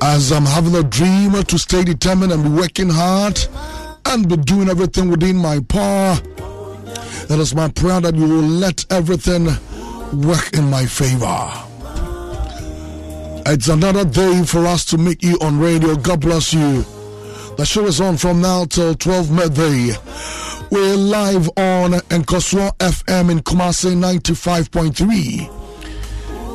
As I'm having a dream to stay determined and be working hard and be doing everything within my power, that is my prayer that you will let everything work in my favor. It's another day for us to meet you on radio. God bless you. The show is on from now till 12 midday. We're live on Nkoswa FM in Kumasi 95.3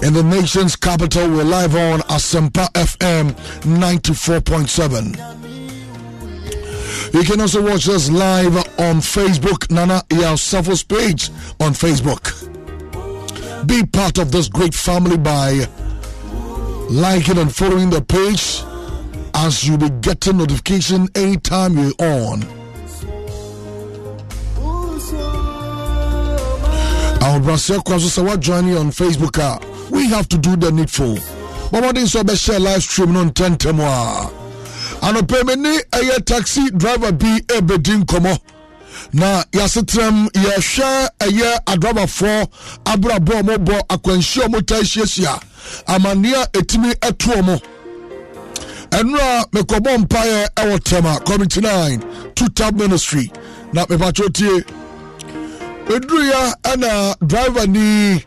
in the nation's capital. We're live on Asempa FM 94.7. You can also watch us live on Facebook, Nana Yasafo's page on Facebook. Be part of this great family by liking and following the page as you'll be getting notification anytime you're on. Our brasil Kwasu Sawa joining on Facebook. Uh, we have to do the needful bɔmmɔden sɛ ɔbɛhyɛ live stream no ntɛntɛm a anɔpɛmi ne ɛyɛ taxi driver bi ɛbɛdi nkɔmmɔ na yɛasetrɛm yɛhwɛ ɛyɛ adrabafoɔ abrabɔ ɔmo bɔ akwanhyia ɔmo ta ahyiahyia amanneɛ ɛtumi ɛtoɔ mo ɛnora mekɔbɔ mpaeɛ ɛwɔ tɛm a community 9 two tab ministry na mepatwɛ tie ɛduruyɛ ɛna driver ni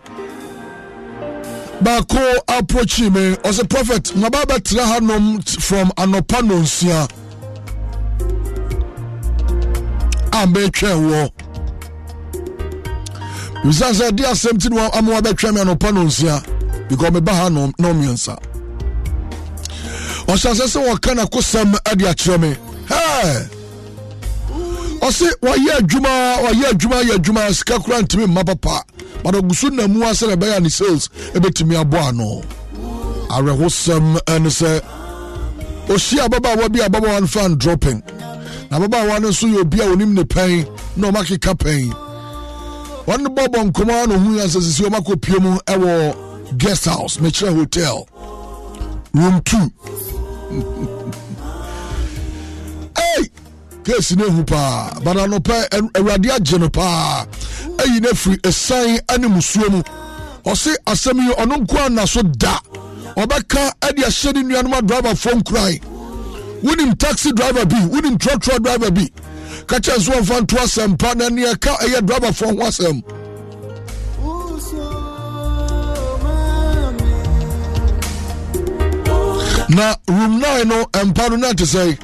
baako approach me ɔsɛ prophet maba bɛtena hanom from anɔpa nonsia a mɛtwɛn wɔ bisa sɛ ɛde asɛm ti no ama wabɛtwɛn me anɔpa nonsia because meba ha no mmiɛnsa ɔhyɛ sɛ sɛ wɔka nakosɛm ade akyerɛ me hɛ ɔse wɔyɛ adwuma wɔyɛ adwuma yɛ adwuma sika kora ntumi mma papa but ogusu na mu asɛ na ɛbɛyɛ ne sales ɛbɛtumi aboa no awerɛhosɛm ɛne sɛ ɔhyia ababaawa bi a ababaawa oh, no fan dropping na ababaawa no nso yɛ obi a onim ne pɛn na ɔma keka pɛn wɔne bɔbɔ nkɔmɔ na ohun yɛn sɛ sisi ɔma kɔ pie mu ɛwɔ guest house mekyerɛ hotel room two keesi no hu paa bana anɔpɛ awurade agye no paa ayi no afiri ɛsan ne musuo mu ɔse asɛm yi ɔno nko anna so da ɔbɛka ade ahyɛ ne nuanom adriverfoɔ nkuran wonim taxi driver bi wonim trɔtrɔ driver bi ka kyɛ nso ɔmfa nto asɛm pa na neɛ ka ɛyɛ driverfoɔ ho asɛm na room 9 no ɛmpa no na te sɛe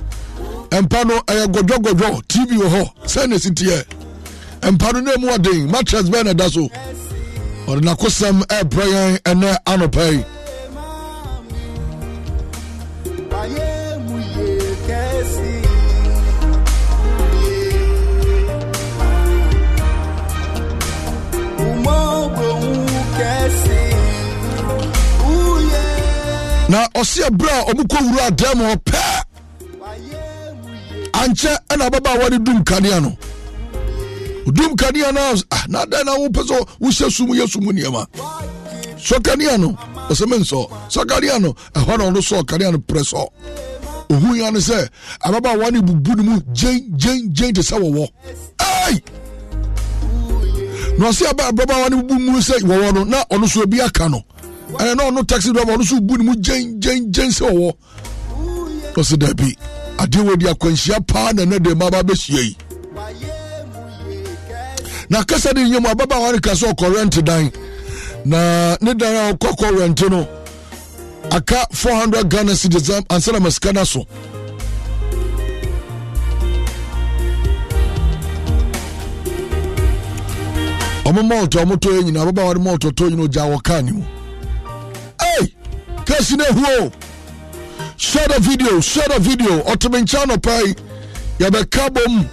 mpa no ɛyɛ gɔdwɔgɔdwɔ tv wɔ hɔ sɛne siteɛ mpa no na mu ɔden matres bɛɛ na ɛda so ɔde nakosɛm ɛɛprɛ yɛn ɛnɛ anɔpa yi na ɔse ɛberɛ a ɔmokɔwura adan mu hɔ ankyɛ ɛna eh, ababaawa no dum kanea no dum kanea no ah, na dɛn na wopɛ sɛ wohyɛ sum yɛ sum nneɛma sɔ kanea no ɔsɛ me nsɔ sɔ kanea no ɛhɔ eh, na ɔno sɔ kanea no prɛ sɔ ohun ya eh, no sɛ ababaawa no bubu ne mu gyen gyen gyen te sɛ wɔwɔ ai na ɔsɛ aba ababaawa no bubu mu sɛ wɔwɔ no na ɔno so obi aka no ɛnɛ ɔno taxi driver ɔno so bu ne mu gyen gyen gyen sɛ wɔwɔ ɔsɛ dabi adeɛ wɔ di akwanhyia paa na ne de mmaba bɛhyia yi na kasa de nyɛ mu ababaawa ne ka sɛ ɔkɔ rent dan na ne dan a ɔkɔkɔ rent no aka four hundred ghana cedis ansa na masika no so ɔmo mɔɔtɔ ɔmo tɔ yɛ nyina ababaawa ne mɔɔtɔ tɔ nyina ogya wɔ kaa ne mu ei kasi ne ahuo share the video share the video ɔtumi nkyɛn nɔpa yi yɛbɛka bom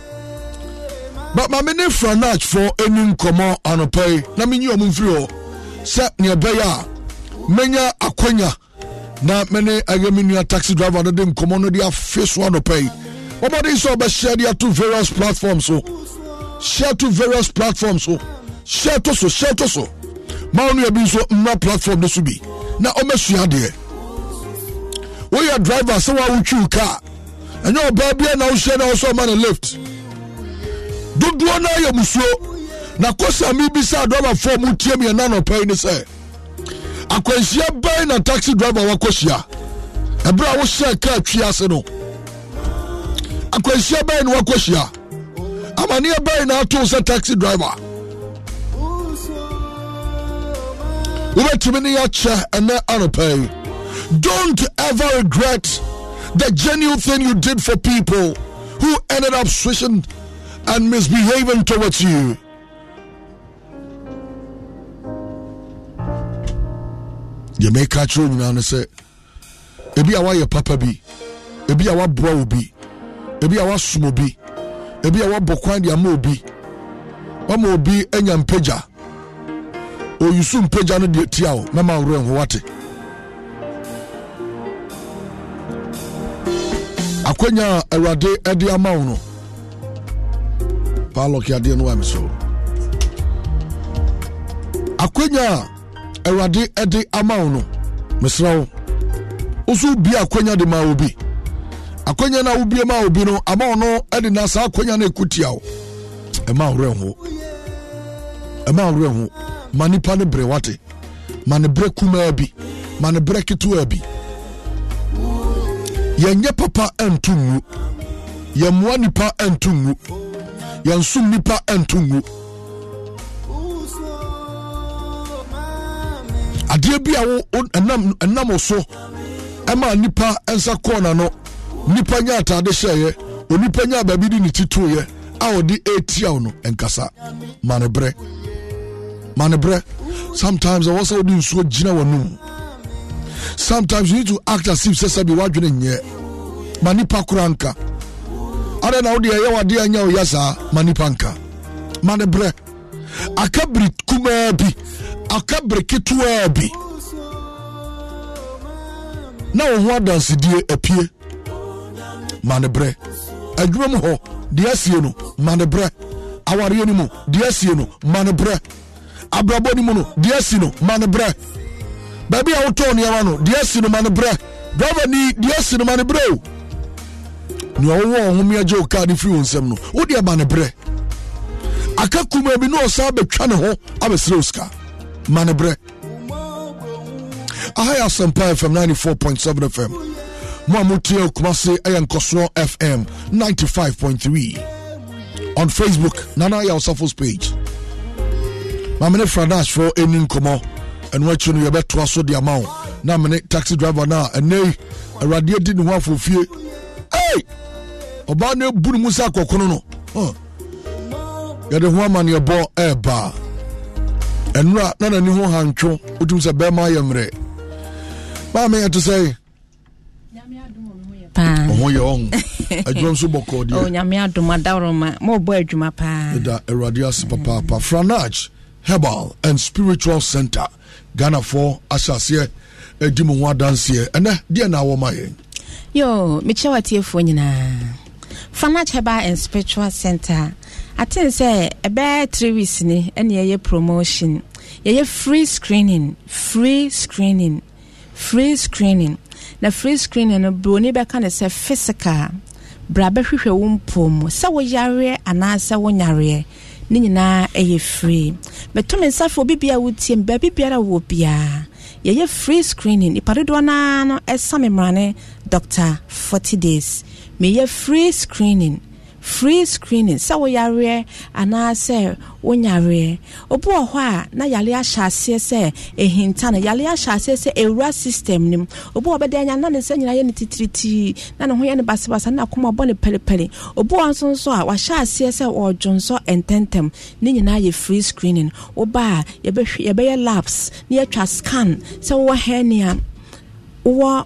but maame ne franach fo ɛni nkɔmɔ anɔpa yi na menyi ɔmo mfiri hɔ sɛ nea ɛbɛyɛ a menya akɔnya na mene ɛyɛ me nua taxi driver no de nkɔmɔ no de afe so anɔpa yi wɔmɔden sɛ ɔbɛhyɛ de ato various platforms so share to various platforms so share to so share to so ma wo nua bi nso mmra platform no so bi na ɔmɛsua adeɛ woyɛ driver sɛ woawotwiw kaa ɛnyɛ ɔbaa bia na wohyɛ na wɔsɛ ɔma no lift dodoɔ no ayɛ musuo na kosa mebisa driverfoɔ mu tie miɛna nɔpɛi ne sɛ akwanhyia bɛn na taxi driver wakɔhyia ɛberɛ a wohyɛ kaa twi ase no akwanhyia bɛn na wakɔhyia amaneɛ bɛn na atoo sɛ taxi driver wobɛtumi ne yɛakyɛ ɛnɛ anɔpɛi Don't ever regret the genuine thing you did for people who ended up switching and misbehaving towards you. yɛmɛka kyerɛ nyinaa no sɛ ebi a wayɛ papa bi ebi a waboa wo bi ebi a wasom bi ebi a wabɔ kwan de ama obi wama obi anya mpagya oyusu oh, mpagya no deɛ tia wo na ma aworɛ ho wate akwanya a awurade ɛde ama wo no paalɔke adeɛ no wa me so akwanya a awurade ɛde ama wo no mesrɛ wo wo so wobie akwanya de ma wo bi akwanya no a wobie ma wo bi no ama wo no ɛde na saa akwanya no tia wo ɛma worɛ ho ɛma worɛ ho ma nipa ne bere wate ma ne berɛ kumaa bi ma ne berɛ ketewaa bi yɛnyɛ papa ɛnto ngu yɛmmoa nipa ɛnto ngu yɛnsom nipa ɛnto ngu adeɛ bi a wo ɛnam so ɛma nipa nsa kɔɔna no nipa nya ataade hyɛeɛ onipa nya baabi de ne ti tooyɛ a ɔde etia no nkasa manebrɛ manebrɛ sometimes ɛwɔ sɛ wode nsuo gyina w'anum sometimes you need to act as if sɛ sɛbi wadwene nyɛ ma nipa kora nka adɛ na wodeɛ ɛyɛ wadeɛ anya woyɛ saa ma nipa nka ma ne berɛ aka bere kumaa bi aka bere bi na wo ho adansedie apie ma ne berɛ adwuma mu hɔ deɛ asie no ma ne berɛ awareɛ no mu deɛ asie no ma ne berɛ abrabɔ no mu no deɛ asi no ma ne berɛ baabi a wotɔn nneɛma no deɛ si no ma no ni deɛ si no ma o nea ɔwɔ wɔn ho mia gye o kaa no o deɛ ba ne brɛ aka kuma bi na ɔsan ne ho abɛsrɛ o sika ma ne brɛ aha yɛ asɛmpa fm 94.7 fm mo a motie kumase ɛyɛ nkɔsoɔ fm 95.3 on facebook nana yɛ ɔsafo's page mamene fradaasfoɔ ɛni nkɔmmɔ ɛno akyi no yɛbɛtoa so de ama wo na mene taxi driver no a ɛnɛ awurade adi ne ho afofie ei ɔbaa no abu ne mu sɛ akɔkono no yɛde ho amanneɛbɔ ɛɛbaa ɛnora na n'ani ho hantwo wotumi sɛ bɛrima ayɛ mmerɛ maame ɛte sɛ ɔho yɛ ɔho adwuma nso bɔ kɔɔ awurade ase papaapa franage herbal and spiritual center ghanafoɔ ahyɛ aseɛ adi mo ho adanseɛ ɛnɛ deɛ na awɔ ma yɛn yo mekyɛ watiefoɔ nyinaa fanach herbal and spiritual center aten sɛ ɛbɛyɛ three weeks ni ɛne yɛyɛ promotion yɛyɛ free screening free screening free screening na free screening no buroni bɛka ne sɛ physical bra bɛhwehwɛ wo mpɔ mu sɛ woyareɛ anaasɛ wonyareɛ ne nyinaa ɛyɛ free mɛto me nsa fo obi biara wotie mu baabi biara wɔ biara yɛyɛ free screening nipa dodoɔ naa no ɛsa me mmerane dr 40 days meyɛ free screening free screening sɛ woyareɛ anaasɛ wonyareɛ obi wɔ hɔ a na yale ahyɛ aseɛ sɛ ɛhinta no yale ahyɛ aseɛ sɛ ɛwura system no mu obi wɔ bɛda anya na ne nsa nyinaa yɛ ne titiritii na ne ho yɛ ne basabasa na akoma bɔ ne pɛlepɛle obi wɔ nso nso a wahyɛ aseɛ sɛ ɔdwonsɔ ntɛntɛm ne nyinaa yɛ free screening woba a yɛbɛyɛ labs na yɛatwa scan sɛ wowɔ hernia wowɔ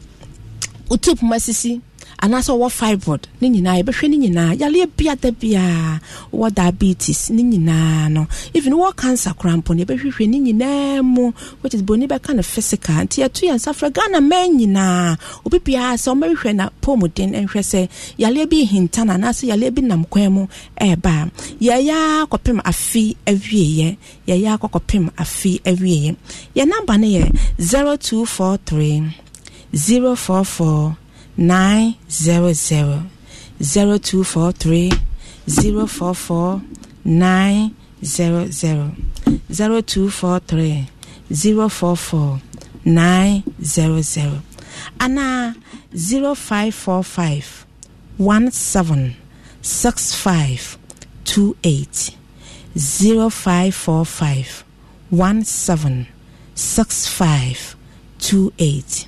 wotip ma sisi anaasɛ ɔwɔ fibroid ne nyinaa yɛbɛhwɛ ne nyinaa yaleɛ bia da biaa wɔ diabetes ne nyinaa no even wɔ cancer koraa mpo no yɛbɛhwehwɛ ne nyinaa mu which is boni bɛka no physical nti yɛto yɛ nsafrɛ ghana mɛn nyinaa obi biaa sɛ ɔmɛhwehwɛ na pɔmu den nhwɛ sɛ yaleɛ bi hinta no anaasɛ yaleɛ bi nam kwan mu ɛɛbaa yɛyɛ akɔpem afe awieɛ yɛyɛ akɔkɔpem afe awieɛ yɛ namba no yɛ 0243 044 nine zero zero zero two four three zero four four nine zero zero zero two four three zero four four nine zero zero ana zero five four five one seven six five two eight zero five four five one seven six five two eight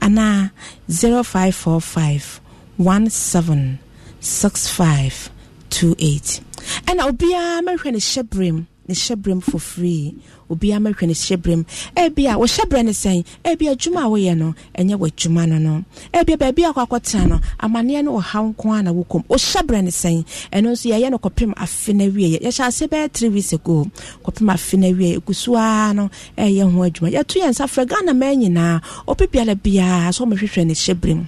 Ana 0545 17 65 28 ɛna obiara mɛhwɛ ne hyɛ berem uh, ne hyɛ for free obiara ama hwɛ ne ebi a wɔhyɛbrɛ ne sɛn ebi adwuma a woyɛ no ɛnyɛ w'adwuma no no ebi baabi a kɔakɔtena no amanneɛ no ɔhaw nko a na wokɔm wɔhyɛbrɛ ne sɛn ɛno nso yɛyɛ no kɔpem afe na wie yɛhyɛ ase bɛyɛ three weeks ago kɔpem afe na wie egu so ara no ɛyɛ ho adwuma yɛto yɛn nsa frɛ ghana mɛn nyinaa obi biara biara so wɔn hwehwɛ ne hyɛbrɛ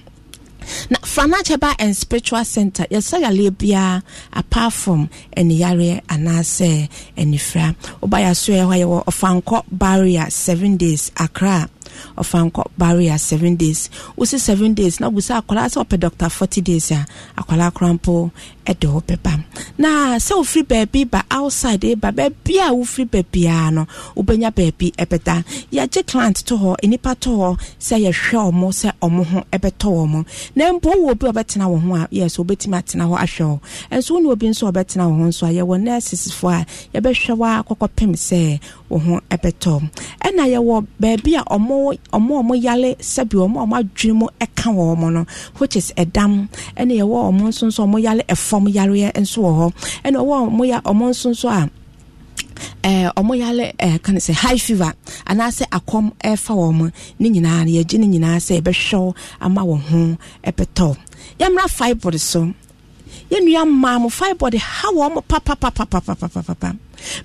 na franache ba and spiritual center yɛsɛ yareɛ biara apart from aniyareɛ anaasɛ anifira woba yɛ so yɛ hɔ yɛwɔ ɔfankɔ barrier seven days akra ɔfa nkɔ barrier seven days wosi seven days na busa akwadaa sɛ ɔpɛ doctor forty days a akwadaa kora mpo ɛde wo na sɛ wofiri baabi ba outside a wofiri a no wobɛnya baabi ɛbɛda y'agye client to hɔ to hɔ sɛ yɛhwɛ ɔmo sɛ ɔmo ho ɛbɛtɔ ɔmo na obi ɔbɛtena wɔ a yɛ sɛ atena hɔ ahwɛ hɔ ɛnso obi nso ɔbɛtena wɔ ho nso ɔmo ɔmo ɔmo yale sɛbi ɔmo ɔmo adwiri mu ɛka wɔ ɔmo no which is ɛdam ɛna yɛwɔ ɔmo nso nso ɔmo yale ɛfam yareɛ nso wɔ hɔ ɛna ɔwɔ ɔmo ya ɔmo nso nso a eh, eh, sɛ high fever anaasɛ akɔm ɛɛfa wɔn ne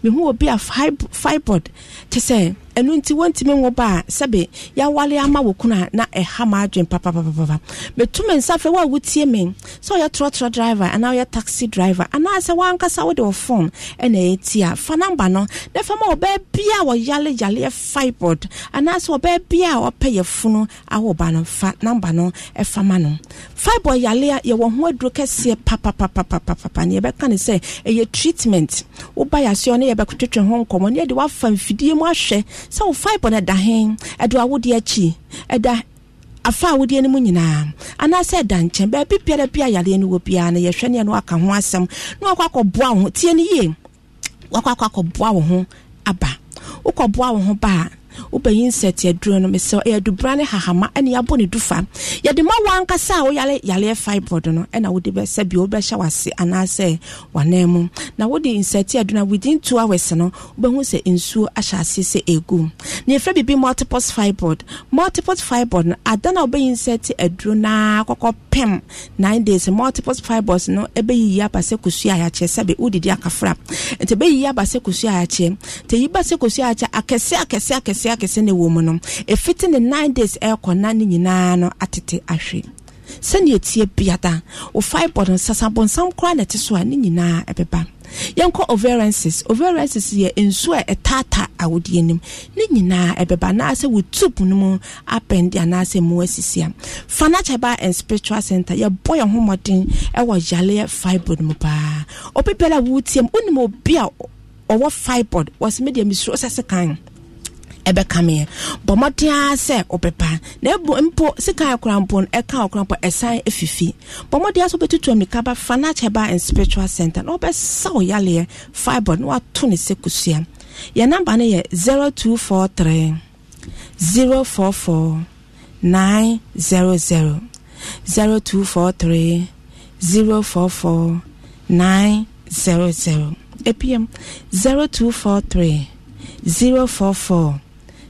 mehu obi a fibod te sɛ ɛno nti wɔntumi nwɔ ba a sɛbe yɛawale ama wo kunu a na ɛha ma adwen papapapapa metu me nsa afei wo a wotie me sɛ ɔyɛ trɔtrɔ driver anaa ɔyɛ taxi driver anaasɛ woankasa wode wɔ phone ɛna ɛti a fa namba no na fa ma ɔbaa bia a wɔyale yaleɛ fibod anaasɛ ɔbaa bia a ɔpɛ yɛ funu awɔ ba no fa namba no ɛfa ma no fibod yale a yɛwɔ ho aduro kɛseɛ papapapapapa neɛ yɛbɛka ne sɛ ɛyɛ treatment woba yɛ sɛ ɔne yɛbɛkotwetwe ho nkɔmmɔ ne yɛde woafa mfidie mu ahwɛ sɛ wo fibre no ɛda hen ɛde awodeɛ akyi ɛda afa awodeɛ no mu nyinaa anaasɛ ɛda nkyɛn baabi biara bi ayareɛ no wɔ biara no yɛhwɛ neɛ no aka ho asɛm na wakɔ akɔboa wo ho tie no yie wakɔ akɔ akɔboa wo ho aba wokɔboa wo ho baa wobɛyi nsɛte aduro no mesɛ ɛyɛ adubra ne hahama ɛne yɛabɔ ne dufa yɛde ma wankasa a woyare yareɛ fibroid no ɛna wode bɛsɛ bio wobɛhyɛ wase anaasɛ wanan mu na wode nsɛte aduro no within two hours no wobɛhu sɛ nsuo ahyɛ ase sɛ ɛgu na yɛfrɛ biribi multiples fibroid multiples fibroid no ada no a wobɛyi nsɛte aduro no a kɔkɔ pem nine days multiples fibroids no ɛbɛyiyi aba sɛ kosua ayakyeɛ sɛbe wodidi akafra nti ɛbɛyiyi aba sɛ kosua ayakyeɛ nti ɛyi ba sɛ kosua ayakyeɛ akɛseɛ akɛseɛ akɛseɛ abusua kɛse na ɛwɔ mu no ɛfiti ne nine days ɛrekɔ na ne nyinaa no atete ahwe sɛnea ɛtie biada wo fibre no sasabonsam koraa na ɛte so a ne nyinaa ɛbɛba yɛnkɔ ovarensis ovarensis yɛ nsuo a ɛtaata awodeɛ anim ne nyinaa ɛbɛba anaasɛ wo tube no mu abɛnde anaasɛ mu asisi a fanakyɛ ba and spiritual center yɛbɔ yɛn ho mmɔden ɛwɔ yaleɛ fibre no mu paa obi biara a wotie mu wonim obi a ɔwɔ fibre wɔsɛ medeɛ mesuro sɛ sekan ɛbɛka meɛ bɔ mmɔden ara sɛ wobɛpa na ɛbɔ mpo sika ɛkora mpo no ɛka ɔkora mpo ɛsan ɛfifi bɔ mmɔden ara sɛ wobɛtutu ammirika ba fa na akyɛ ba and spiritual center na wobɛsa wo yaleɛ fibre na wato ne sɛ kosua yɛ namba no yɛ zero four four nine zero zero apm zero zero two four three four four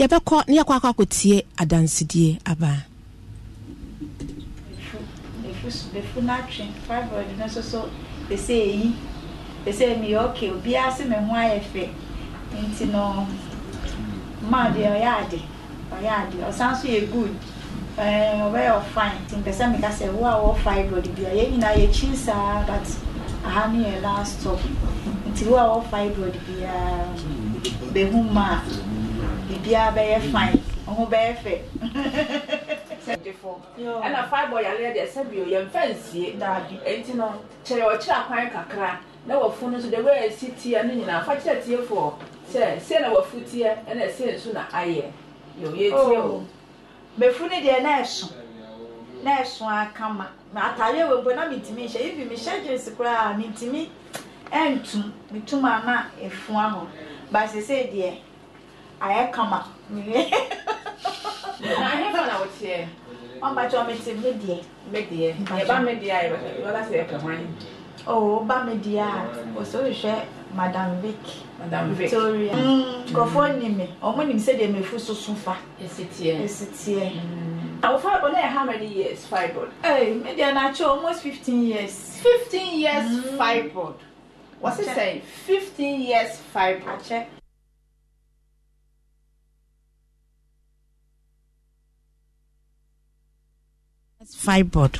yɛbɛkɔ ne yɛkɔ akɔ akɔtie adansedie abaa befu n'atwe fibroid no nso so ese eyi ese emi okay obiara si mi ho ayɛ fɛ nti no mmaa deɛ ɔyɛ ade ɔyɛ ade ɔsan so yɛ good ɛɛ ɔbɛyɛ ɔfine nti mpɛsɛ mi ka sɛ wo a wɔ fibroid bi a yɛn nyinaa but aha no last stop nti wo a wɔ fibroid bi a behu biribiara bɛyɛ fine ɔho bɛyɛ fɛ ɛna fibre yare deɛ sɛ bio yɛmfa nsie ɛnti no kyerɛ ɔkyerɛ kwan kakra na wafu no nso de wɔyɛ si tiɛ no nyinaa fa kyerɛ tiefoɔ sɛ se na wafu tiɛ ɛna se nso na ayɛ yɛyɛ tie oh. o mefu no deɛ na ɛso na ɛso akama atare wɔ mpo na mentumi nhyɛ ibi mehyɛ jeans koraa mentumi ɛntum metum ana ɛfua hɔ ba sesei deɛ ayɛ kama nyine na ahɛ fa na wɔteɛ ɔmba kyɛ ɔmete me deɛ me deɛ yɛba me deɛ a yɛbɛka sɛ yɛka hwan oo ba me deɛ a ɔsɛ madam vic madam vic victoria nkurɔfoɔ nim me ɔmo nim sɛdeɛ mefu so so fa ɛsiteɛ ɛsiteɛ awofa ɔno how many years fibroid ɛy me deɛ na kyɛ almost fifteen years fifteen years fibroid wɔsi sɛ fifteen years fibroid akyɛ fibroid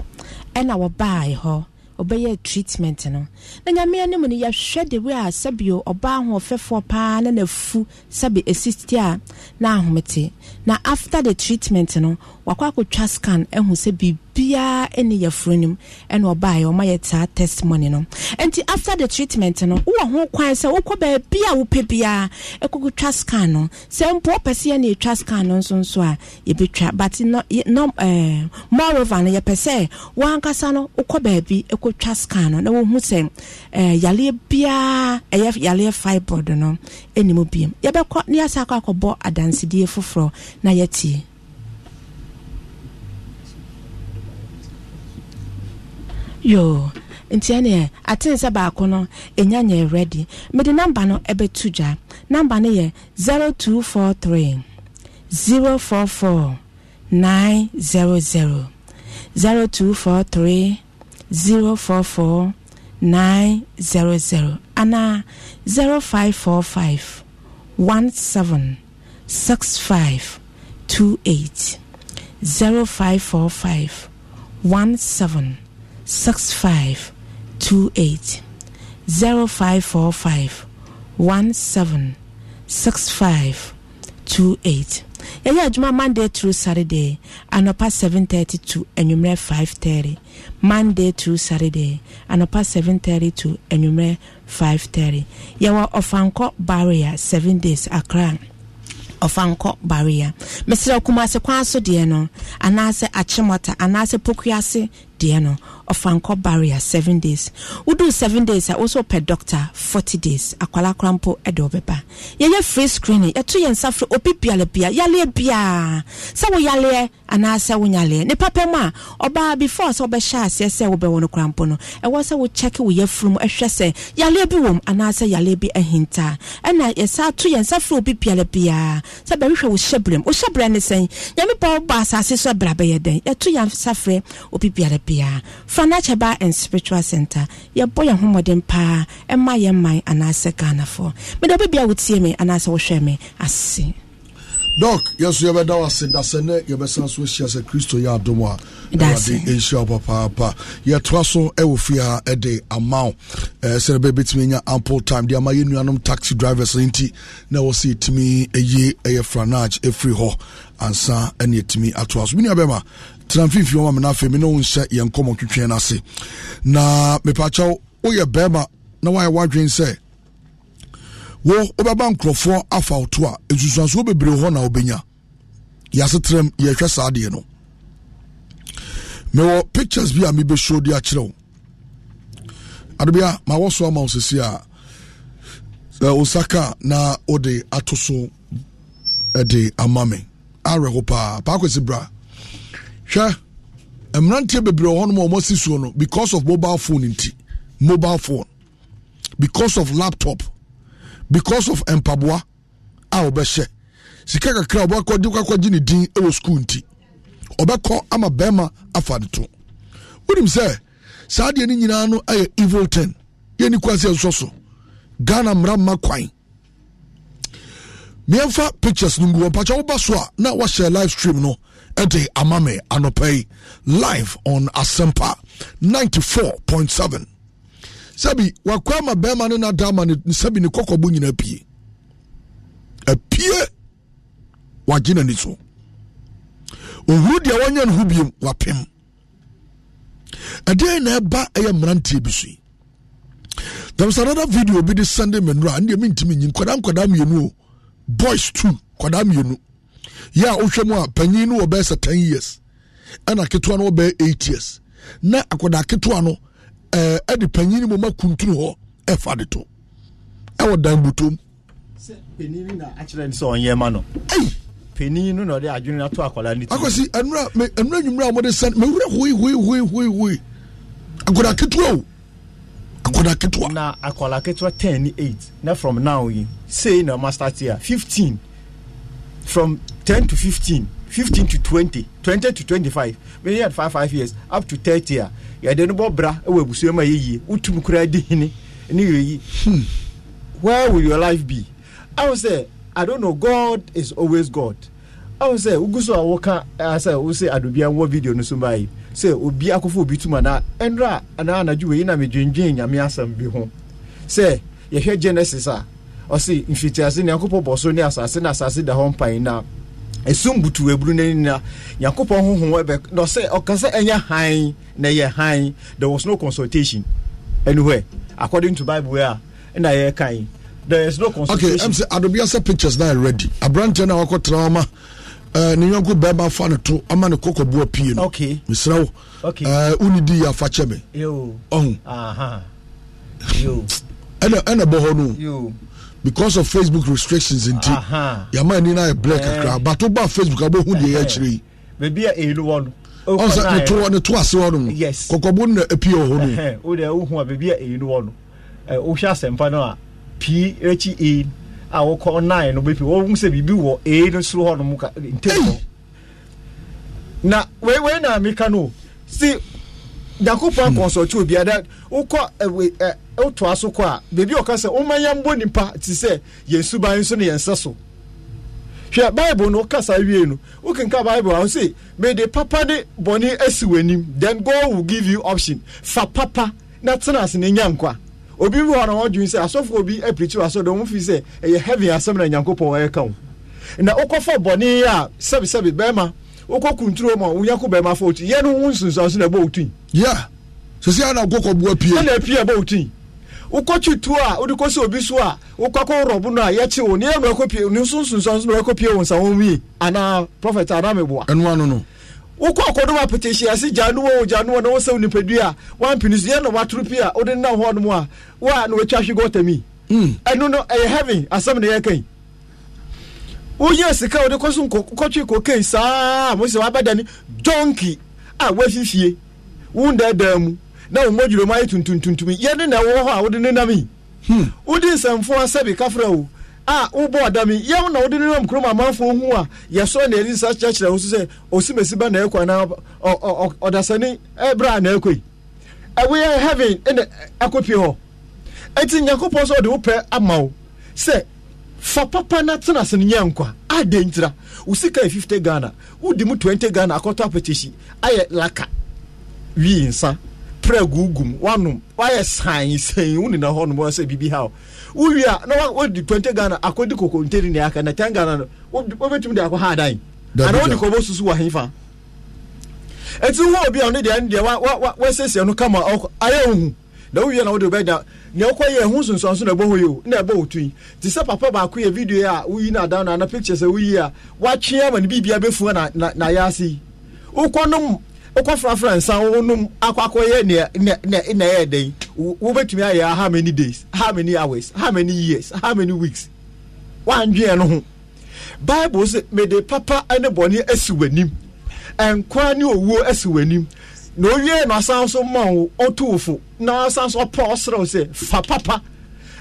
ɛna wɔbaa hɔ ɔbɛyɛ treatment no ah, na nyame anim no yɛhwɛ de wei a sɛbio ɔbaa ahoɔfɛfoɔ paa na nafu sɛbi ɛsiti a na ahomete na after the treatment no wakɔ akɔtwa scan ɛhu eh, sɛ biribi biara ne yɛforo nim ɛna ɔbaeɛ ɔma yɛ taa testimony no nti after the treatment no wowɔ ho kwan sɛ wokɔ baabi a wopɛ biara ɛkɔkɔ twa scan no sɛ mpo ɔpɛ sɛ yɛne yɛtwa scan no nso nso a yɛbɛtwa but no, no, eh, moreover no yɛpɛ sɛ woankasa no wokɔ baabi ɛkɔtwa scan no na wohu sɛ uh, eh, yaleɛ biara ɛyɛ yaleɛ fibroid no ɛnim biam yɛbɛkɔ ne yɛsɛ akɔ akɔbɔ adansedie foforɔ na yɛtie yoo nti ɛneɛ atene sɛ baako no ɛnya nyɛ ready mede namba no ɛbɛtu dwa namba no yɛ five one seven six five two eight zero five four five one seven. 6528 0545 176528 adwuma monday through saturday anɔpa 7:30 to anwummerɛ 5:30 monday through saturday anɔpa 7:30 to anwummerɛ 5:30 yɛwɔ ɔfankɔ barrier 7 days akra ɔfankɔ barrier mesrɛ kumase kwan so deɛ no anaasɛ akyemɔta anaasɛ pokuase deɛ no ɔfa nkɔ barrier seven days wodu seven days a wosɛ pɛ doctor forty days akwala kora mpo ɛde ɔbɛba yɛyɛ free screening yɛto yɛn nsa frɛ obi biale bia yaleɛ biaa sɛ woyaleɛ anaasɛ wonyaleɛ ne papa mu a ɔbaa before sɛ wobɛhyɛ aseɛ sɛ wobɛwɔ no kora mpo no ɛwɔ sɛ wokyɛke wo yɛfuru mu ɛhwɛ sɛ yaleɛ bi wɔ m anaasɛ yaleɛ bi ahintaa ɛna yɛsa to yɛn nsa frɛ obi biale biaa sɛ bɛhwehwɛ wo hyɛ berɛ mu wo hyɛ ne sɛn nyame bɔ wo asase so abrabɛyɛ biara fa n'akyɛ and spiritual center yɛbɔ yɛn ho mmɔden paa ɛma yɛn mman anaasɛ ghanafoɔ mede obi bia wotie me anaasɛ wohwɛ me ase dɔk yɛso yɛbɛda w ase da sɛ nɛ yɛbɛsan so ahyia sɛ kristo yɛ adom a ɛwade ɛnhyia wo papaapa yɛtoa so ɛwɔ fie ha ɛde ama wo sɛne bɛbɛtumi anya ample time de ama yɛnnuanom taxi drivers no nti na ɛwɔ sɛ yɛtumi ɛyi ɛyɛ franage ɛfiri hɔ ansa ɛne yɛtumi atoa so bi abema tena mfimfini wɔn amena afei mi ne wo nhyɛ yɛn nkɔmɔ twitwɛn no na mepakyɛw woyɛ bɛrima na woayɛ woadwen sɛ wo wobɛba nkurɔfoɔ afa wo to a nsusuansoɔ bebree hɔ na wobɛnya yɛasetrɛm yɛhwɛ saa adeɛ no mewɔ pictures bi a mebɛsuo de akyerɛ wo ade bia ma wɔ so ama wo sesi a e, osaka na wode ato so e de ama me awerɛ ho paa paakɔsi bra hwɛ mmeranteɛ bebree wɔ hɔnom a wɔasi suo no because of mobile phone nti mobile phone because of laptop because of mpaboa a wɔbɛhyɛ sika kakra a wɔbɛkɔde kɔkɔgye ne din wɔ sukuu nti ɔbɛkɔ ama bɛrima afa ne to wonim sɛ saa deɛ no nyinaa no yɛ evil ten yɛni kwasi nsɔ so ghana mmara mma kwan meɛmfa pictures no ngu wɔ mpakyɛ woba so a na wahyɛ live stream no ɛde Amame Anopei live on Asempa 94.7 Sebi, wakwama ama bɛrima no nada ama no sɛbi ne kɔkɔbo nyinaa pie apie wagye n'ani so ohuru deɛ wɔnyɛ no ho na ɛba ɛyɛ mmeranteɛ there was another video bi de sɛnde me nnora ndeɛ mentimi nyi nkwadaa nkwadaa boys too. nkwadaa mmienu yɛ a wohwɛ mu a panyin no wɔbɛyɛ sɛ 10 years ɛna ketewa no wɔbɛyɛ eight years na akwadaa ketewa no ɛɛ eh, ɛde panyin no mu ma kuntunu hɔ ɛfa de to ɛwɔ dan butom. sɛ panyin na akyerɛ ni sɛ ɔnyɛ ma no. ɛyi panyin no na ɔde adwene no ato akwadaa ne ti. akwasi enura me enura nwumire a wɔde sɛn mewura hoi hoi hoi hoi hoi akwadaa ketewa o akwadaa ketewa. na akwadaa ketewa ten ni eight na from now yi sei na ɔma start here fifteen from ten to fifteen fifteen to twenty twenty to twenty-five maybe at five five years up to thirty a yɛde no bɔ bra wɔ abusua mu a yɛyie wotum koraa di hene ne yɛyi hmm where will your life be i will say i don't know god is always god i will say ugu so a wɔka asɛ wo sɛ adobia nwɔ video no so maa yi sɛ obi akɔfo obi tum anaa ɛnra anaa anadwo wei na medwendwen nyame asɛm bi ho sɛ yɛhwɛ genesis a ɔse mfitiase nyankopɔn bɔ so ne asase na asase da hɔ mpan na esum butu eburu n'enina nyankopɔn huhun ɛbɛ n'ɔsɛ ɔkasa ɛnyɛ han na ɛyɛ han there was no consultation anywhere according to bible a ɛna yɛ kan there is no consultation. Uh, okay mc adobiasa pictures na ready aberanteɛ na wakɔ tena ɔma ɛɛ ne yɔnko bɛrima fa ne to ama ne kɔkɔ bu apie no okay mesra wo ɛɛ wuni di yafa kyɛ mi ɔhun ɛna ɛna bɔ hɔ no because of facebook restrictions nti yàmá ẹni náà yẹ e blẹ kakra eh. bàtó bá facebook abóhùn di ẹyẹ kyerè yìí. bẹẹbi ẹ èyí ló wọ no. ọsàn ne tó ne tó ase wọ no kọkọbó na epi ọhún no. o de ẹwù hùwà bẹẹbi ẹ èyí ló wọ no ẹ eh, o hwẹ asẹmpa náà pii ẹkyi èyí e, a wọkọ nine no bẹẹbi wọn sẹ bíbí wọ èyí no soro hɔ nom ka ntẹkọ na wei wei na mi ka no si nyankopɔn akɔnsɔtwe hmm. obiara wokɔ ɛwɛ eh, ɛ. otu asụkwa kɔ a baabi ɔka sɛ woma yɛ mbɔ nipa te sɛ yɛn suban so ne yɛn nsa so hwɛ bible no wokasa wie no wokenka bible a wo se mede papa de bɔne asi w'anim then god will give you option fa papa na tena ase ne nya nkwa obi bi na wɔdwene sɛ asɔfoɔ obi apirikyi wɔ asɔdɔm mo firi sɛ ɛyɛ heavy asɛm na nyankopɔn ɛreka wo na wokɔfa bɔne a sɛbesɛbe bɛrima wokɔ kunturo bɛrima yɛ no nsonsanso na ɛbɔ wo tui ya sɛsi ana wokɔkɔboa pie ɛna apie ɛbɔ wo wokɔtwe tuo hmm. eh, a wode kɔ sɛ obi so a wokɔkɔ rɔbo no a yɛkye wo ne ɛmrakɔpie ne nsonsunsa nso mrakɔpie wo nsa wɔmwie anaa prɔfɛt anaa meboa ɛnoa no no wokɔ akɔdom apetɛhyia se gyanoɔ o gyanoɔ na wosɛ wo nipadua a wampini so yɛna watoro pi a wode nnam hɔ nom a woa na watwa hwe gɔtami ɛno no ɛyɛ heaven asɛm na yɛkai woyɛ sika wode kɔ so kɔtwe kokain saa mo sɛ wabɛdane donki a woafifie wo mu na wɔn adwuma mu ayɛ tuntuntuntum yɛne na ɛwɔ hɔ a wɔde nenam yi hmm. wodi nsɛmfo asɛbi kafra o a wobɔ ɔdami yɛn na wɔde nenam kurom amanfo ho a yɛsɔ na yɛde nsa kyerɛkyerɛ wɔn so sɛ osimesi na ɛkɔ anaa ɔdasani ɛbra na ɛkɔ yi ɛwɔ yɛ heaven ɛna ɛkɔ hɔ eti nyakopɔ sɛ ɔde wo pɛ ama wo sɛ fa papa na tena ase nyɛ nkwa ade ntira wo sika yɛ 50 ghana wodi mu 20 ghana akɔtɔ laka nsa mprɛ gu mu wanom wayɛ san sɛn wo nina hɔ nom sɛ ha wowie a na wodi 20 ghana akɔdi kokonteni ne aka na 10 ghana no de akɔ ha adan ana wɔ wo a ɔno deɛ ne deɛ wasiesie no kama ayɛ na na na ɛbɔ hɔ na ɛbɔ yi te sɛ papa baako yɛ video a adan a ama na ase wokɔ frafra nsa wonom akɔakɔyɛ na ɛyɛ dɛn wobɛtumi ayɛ how many days how many hours how many years how many weeks woandweɛ no ho baibul sɛ mede papa ne bɔne asi w'anim nkwa ne owuo asi w'anim na owie na asan so ma wo ɔto na asan so ɔpɔ ɔsrɛ wo fa papa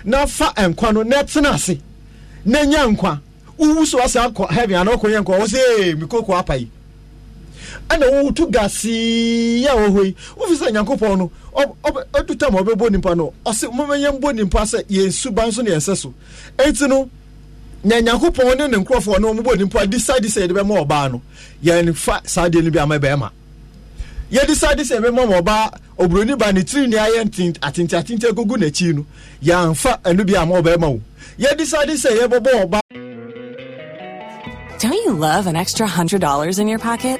na fa nkwa no na ɛtena ase na nya nkwa wowu so asɛ akɔ heaven anaa ɔkɔnyɛ nkwa wɔ sɛ eh, mekoko apa yi ɛna wotu gasii a wɔhɔ yi wofi sɛ nyankopɔn no ɔdu tam ɔbɛbɔ nipa no ɔse momɛyɛ mbɔ nipa sɛ yɛn suban so ne yɛsɛ so ɛnti no na nyankopɔn ne ne nkurɔfoɔ no ɔmobɔ nipa decide sɛ yɛde bɛma ɔbaa no yɛmfa saa deɛ no bi ama bɛɛma yɛde sade sɛ bɛma ma ɔbaa oburoni ba ne tiri ne ayɛ atente atente agugu n'akyi no yɛamfa ɛno bi ama ɔbɛɛma wo yɛde sade sɛ yɛbɛbɔ ɔbaa Don't you love an extra hundred dollars in your pocket?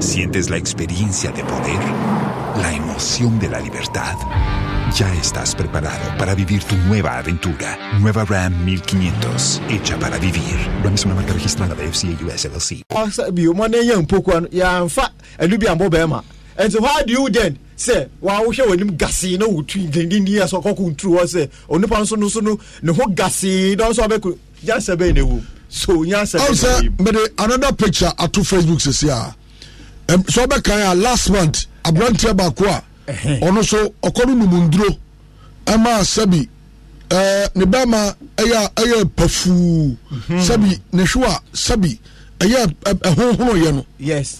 Sientes la experiencia de poder, la emoción de la libertad. Ya estás preparado para vivir tu nueva aventura. Nueva Ram 1500, hecha para vivir. Ram es una marca registrada de FCA US LLC. And why do you then say, wow, show him gassy, no, dindin, yes, or cocoon true, or say, on the panson, no, no, no, gassy, gasino, so I could just a baby. So, yes, oh, sir, but uh, another picture at uh, two Facebooks is here. sɛ ɔbɛkan a last month aberanteɛ baako a ɔno nso ɔkɔ no numunduro ɛma sɛbi ɛɛ ne bɛrima ɛyɛ ɛyɛ pafuu mhm. sɛbi ne hwe a sɛbi ɛyɛ ɛhohoro yɛ no yes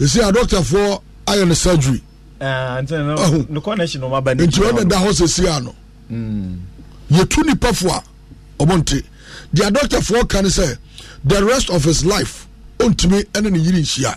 esi a dɔkitafoɔ ayɛ ne surgery ɛho ah, nti ɔne da hɔ sesi a no mm. yɛtu nipa fo a ɔmo nte deɛ dɔkitafoɔ ka ne sɛ the rest of his life ɔntumi ɛne ne yiri nhyia.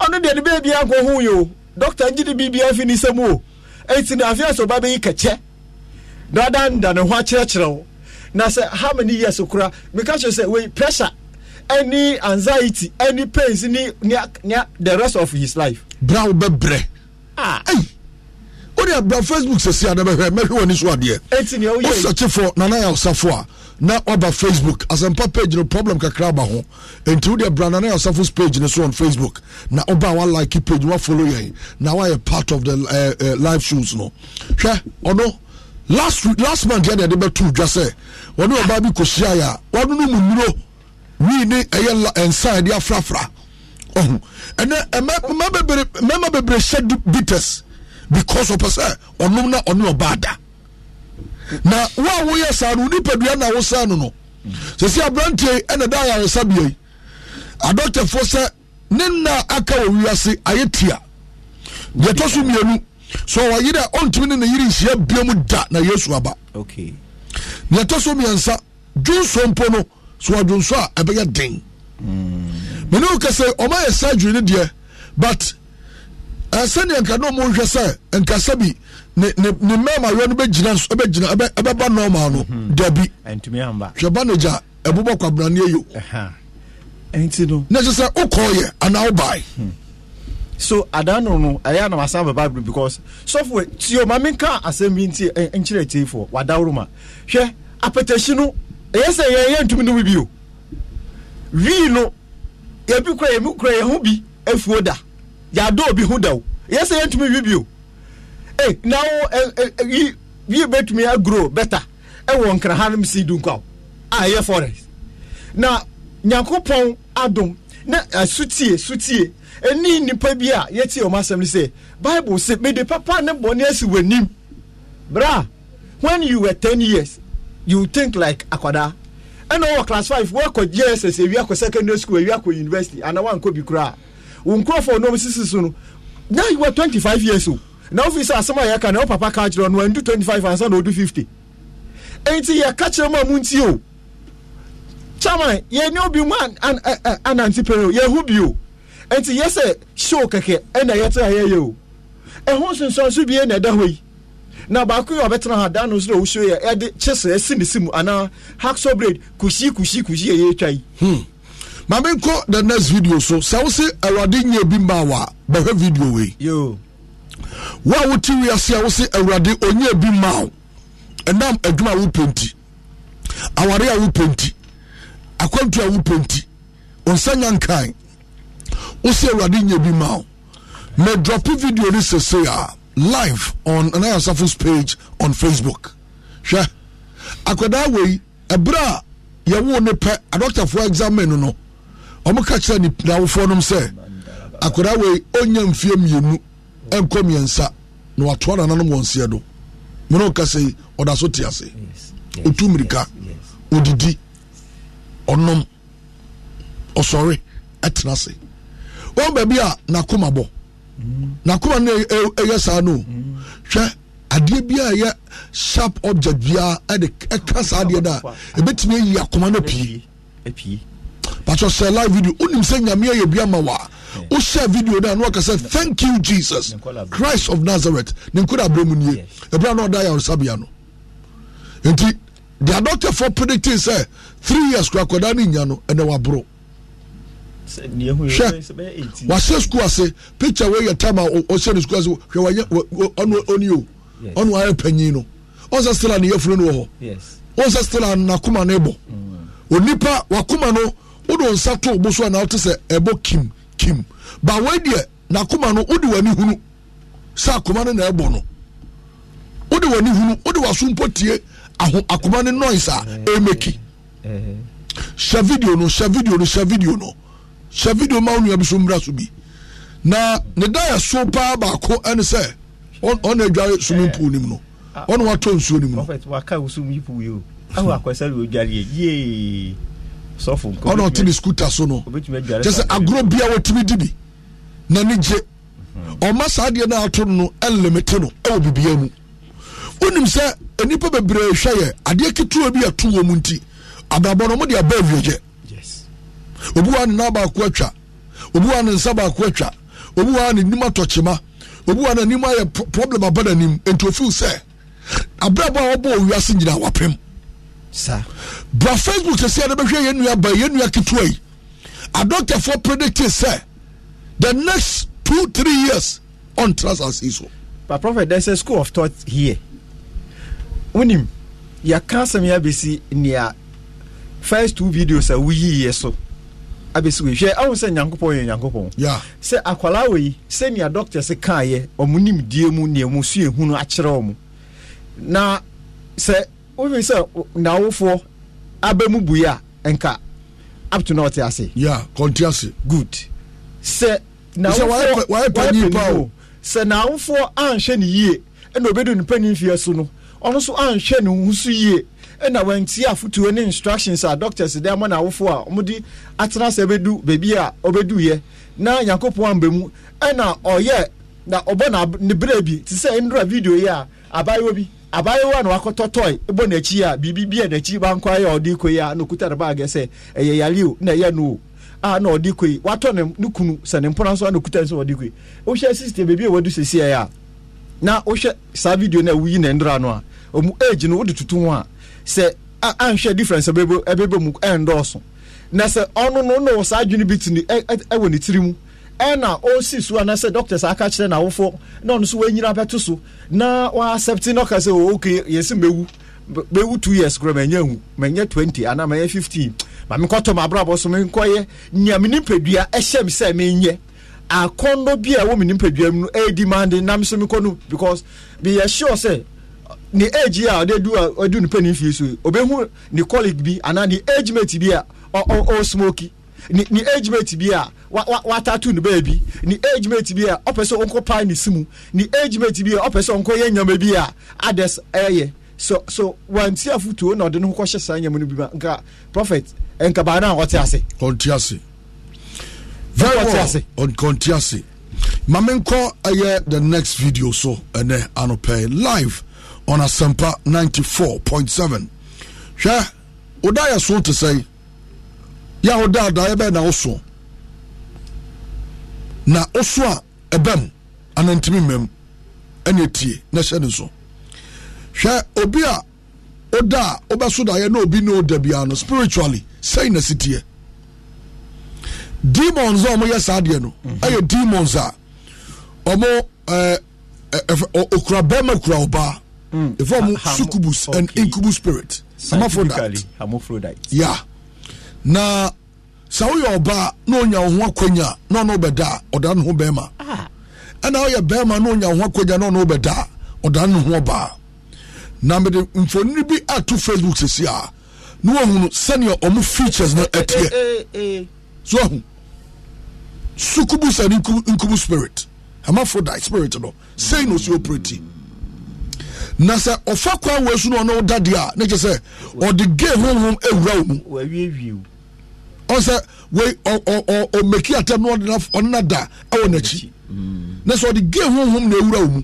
ɔno deɛ ne baabi akɔ ho yi o dɔkta gye ne biribi afi ne nsam o ɛnti na afei sɛ ɔba bɛyi kɛkyɛ na ɔdanda ne ho akyerɛkyerɛ wo na sɛ how many years kora meka kyerɛ sɛ wei pressure any anxiety any pains ni nia the rest of his life. bra ah. wo bɛ brɛ. ah ɛyi o de facebook sɛ si adabɛhwɛ mɛhwɛ wɔ ni so adeɛ. eti ni o yɛ o nana yɛ ɔsafo a na ɔba facebook asɛmpa page no problem kakra ba ho enti wo deɛ brana ne asafos page no so on facebook na ɔba a walike page wafollow yɛn na wayɛ part of the uh, uh, live shows no hwɛ ɔno last last month yɛde yɛde bɛto dwa sɛ wɔne ɔbaa bi kɔhyiaeɛ a wɔno no mu nnuro wii ne ɛyɛ nsa yɛde afrafra ɔho ɛnɛ mmarima bebree hyɛ bitters because ɔpɛ sɛ ɔnom na ɔne ɔbaa da na wo a woyɛ saa no nipadua na wosaa no no sɛsi aberantie ɛna da ayaresabea yi adɔktafoɔ sɛ ne nna aka wɔ wiase ayɛ tia deɛ tɔ so mmienu sɛ ɔwɔ yere a ɔntumi ne ne yere nhyia bia da na yesu aba deɛ tɔ so mmiɛnsa dwonso mpo no so wadwonso a ɛbɛyɛ den hmm. mene wo kɛ sɛ ɔma yɛ saa adwiri deɛ but ɛsɛneɛ nka na ɔmɔhwɛ sɛ nkasa bi ne ne ne mmarima awia no bɛgyina so ɛbɛgyina ɛbɛ ɛbɛba normal no mhm. dabi hwɛba no gya ɛbobɔ kwabena ne eyo ɛnti no ne sɛ sɛ okɔɔ yɛ anaa ɔbae hmm. so adanu no ɛyɛ anam asa ababa bi because sɔfo tio maame nka asɛm bi nti nkyerɛ tie fo wadaworo ma hwɛ apɛtɛsi no ɛyɛ sɛ yɛn yɛ ntumi no bi bi o wii no yɛbi kura yɛmi kura yɛn ho bi efuo da yadɔ obi ho da o ɛyɛ sɛ yɛn ntumi bi bi o. Hey eh, now eh, eh, you you yi yi I grow better ɛwɔ nkraha no si dunkaw a ah, ɛyɛ forest na nyankopɔn Adam na asutie sutie Eni nipa bi a yɛtie ɔmo asɛm no sɛ bible sɛ mede papa ne bɔne asi w'anim bra when you were ten years you think like akwada. ɛna ɔwɔ class five wɔkɔ jss ewi akɔ secondary school ewi akɔ university ana wankɔ bi koraa wɔn nkurɔfoɔ nom sisi so no now you were twenty five years old na ofis asɛm a yɛka na wo papa ka kyerɛ no andu 25 ansa na ɔdu 50 enti yɛka kyerɛ mu a monti o chairman yɛne obi mu anante pere o yɛho bio enti yɛ sɛ show kɛkɛ ɛna yɛtena yɛyɛ o ɛho nsonsanso bie na ɛda hɔ yi na baako yɛ ɔbɛtena ha dan no nso na ɔwusuo yɛ ɛde kyesɛ ɛsi ne simu. mu anaa hacksaw blade kusi kusi kusi yɛ yɛtwa yi. Hmm. maame nkɔ the next video so sɛ wosɛ awurade nyɛ bi mmaa wa bɛhwɛ video wei. yoo wo a wote wiase a wo se awurade ɔnyɛ bi ma wo ɛnam adwuma a wopɛ nti aware a wopɛ nti akwantu a wopɛ nti ɔnsa nya nkan wo se awurade nyɛ bi ma wo mɛdrɔpe video no sesei a live on anaya safo's page on facebook hwɛ akwadaa wei ɛberɛ a yɛwo ne pɛ adɔktafoɔ examen no ɔmo ka kyerɛ ne nawofoɔ nom sɛ akwadaa wei ɔnya mfeɛ mmienu ɛnkɔ mmiɛnsa na watoa nananom wɔn seɛ do mene kasa yi ɔda so te ase ɔtu mmirika ɔdidi ɔnom ɔsɔre ɛtena ase wɔn baabi a n'akoma bɔ mm. n'akoma no ɛyɛ e, e, e, saa no mm. hwɛ adeɛ bi a ɛyɛ sharp object biara ɛde ɛka saa adeɛ da a ebetumi ayi akoma no pii patro sɛ live video onim sɛ nyame yɛ bi ama wa. wo share video no a na wakasa thank you jesus christ of nazareth ne nkɔda aberɛ mu nie ɛberɛ na ɔda yaresabea no nti the adɔctefo predicting sɛ three years kora akwadaa no nya no ɛnɛ waboro hwɛ wahyɛ sukuu ase picture wei yɛ time a ɔhyɛ no sukuu ase hwɛ wɔnyɛ ɔno ɔni o ɔno ayɛ panyin no ɔnsɛ still a ne yɛfunu no wɔ hɔ ɔnsɛ still a n'akoma no bɔ onipa wakoma no wode nsa to wo bo so a na wote sɛ ɛbɔ kim akim ba wei deɛ n'akoma no wode w'ani hunu sɛ akoma no na ɛbɔ no wode w'ani hunu wode w'aso mpo tie aho akoma no noise a eh, ɛmeki eh. hyɛ video no hyɛ video no hyɛ video no hyɛ video ma wo bi so mmra so bi na ne da yɛ so paa baako ɛne sɛ ɔna adware swimming pool nim no eh, ah, ɔne watɔ nsuo nim no sɔfo nkɔ ɔna ɔte skuta so no kyɛ sɛ agorɔ bia watumi di bi na ne gye ɔma saa deɛ no ato no ɛnlemete no ɛwɔ bibia mu wonim sɛ nnipa bebree hwɛ yɛ adeɛ ketewa bi ato wɔ mu nti abrabɔ no mode aba awiegyɛ obi wa ne nabaako atwa obi wa ne nsa baako atwa obi wa ne nim atɔkyema obi wa n'anim ayɛ problem aba n'anim nti ofiw sɛ abrabɔ a wɔbɔ owiase nyinaa wapem bra facebook sɛ yɛde bɛhwɛ yɛn nua ba yɛn nua ketewa yi adɔkɛfoɔ predicted sɛ the next two three years ɔntra sase so but prophet there's a school of thought here wonim yɛka asɛm yɛ abɛsi nea first two videos a woyiiɛ so abɛsi wei hwɛ ahu sɛ nyankopɔn yɛ nyankopɔn sɛ akwalaa wei sɛnea doctor se kaeɛ ɔmo nimdie mu nea mu so yɛhunu akyerɛ ɔ na sɛ wofin sɛ n'awofoɔ abɛmu bui a nka up to now ɔte ase. ya kɔnti ase. good sɛ n'awofoɔ wayɛ panyin pa o sɛ n'awofoɔ anhyɛ ne yie ɛna obedu ne panyin fie so no ɔno nso anhyɛ ne ho so yie ɛna wɔnti afotuo ne instructions a doctors de ama n'awofoɔ a wɔde atena sɛ ɛbɛdu beebi a ɔbɛdu yɛ na nyankopɔn ambɛmu ɛna ɔyɛ na ɔbɔ na ne bere bi te sɛ ndura video yi a abaayewa na wakɔtɔ tɔy bɔ n'akyi a biribi bi a n'akyi banko ayɛ a ɔde kɔ yi a na okuta ne baage sɛ ɛyɛ o na ɛyɛ no a na ɔde kɔ yi watɔ ne ne kunu sɛ ne mpona nso a na okuta nso ɔde kɔ yi wohwɛ system beebi a wadu sisi yɛ a na wohwɛ saa video na wuyi na ndra no a ɔmu age no wode tutu ho a sɛ anhwɛ difference ɛbɛbɛ mu ɛndɔɔso na sɛ ɔno no na wɔ adwene bi ti ni ɛwɔ ne tiri mu ɛna ɔsi so anaasɛ doctors aka kyerɛ n'awofo na ɔno nso wɔanyina bɛto so na wɔasɛpte na ɔka sɛ oh, ok yɛsi mɛwu mɛwu two years korɔ mɛnyɛ hu mɛnyɛ twenty anaa mɛnyɛ fifteen ma mekɔtɔ m'abrabɔ so menkɔyɛ nea me nipadua ɛhyɛ me sɛ menyɛ akɔndɔ bi a ɛwɔ me nipadua mu no ɛɛdi mande nam so mekɔ no because meyɛ sure sɛ ne age a ɔde du a ɔde ne panin fie so obɛhu ne colleague bi anaa ne age mate bi a ɔsmoki Ni age mate bi a wa wa watatu ne baabi ne age mate bi a ɔpɛ sɛ ɔnkɔ paa ne simu ne age mate bi a ɔpɛ sɛ ɔnkɔ yɛ nyama bi a others ɛyɛ so so wanti afutuo na ɔde ne ho kɔhyɛ saa nyama no bi ma nka prophet nkabaa no a ɔte ase. ɔnte ase very well ɔnte ase maame nkɔ ɛyɛ the next video so ɛnɛ anɔpɛ live on asempa ninety four point seven hwɛ ɔda yɛ so te sɛn. yàwó dáadáa bẹ́ẹ̀ na ụsụ na a ebe m anantimi mẹ́ mu na ɛhyɛ ne so hwɛ obi a ɔda a ɔbɛso na obi na ɔda no spiritually sɛn na si teɛ demons a ɔmoyɛ saa deɛ no ɛyɛ demons a ọmụ ɛɛ ɛfɛ ɔkura bɛrima kura ɔbaa mm. and incubus spirit hermaphrodite Yeah. na sɛ woyɛ ɔbaa na ɔnya wo ho akwanya na ɔno wobɛda a ɔda ne ho bɛrima ɛna woyɛ bɛrima na ɔnya wo ho akwanya na ɔno wobɛda a ɔda ne ho ɔbaa na mede mfonini bi ato facebook sesi a na wahunu sɛnea ɔmo features no eh, eh, ɛteɛ eh, so ahu sukubu sɛne nkubu spirit hermaphrodite spirit no sei na ɔsi operati na sɛ ɔfa kwan wɔ asu no ɔno wodadeɛ a ne kyɛ sɛ ɔde gay honhom awura wo mu ɔsɛ wei ɔmɛki atɛm na ɔnena da ɛwɔ n'akyi mm. na sɛ ɔde ge honhom na ɛwura wo mu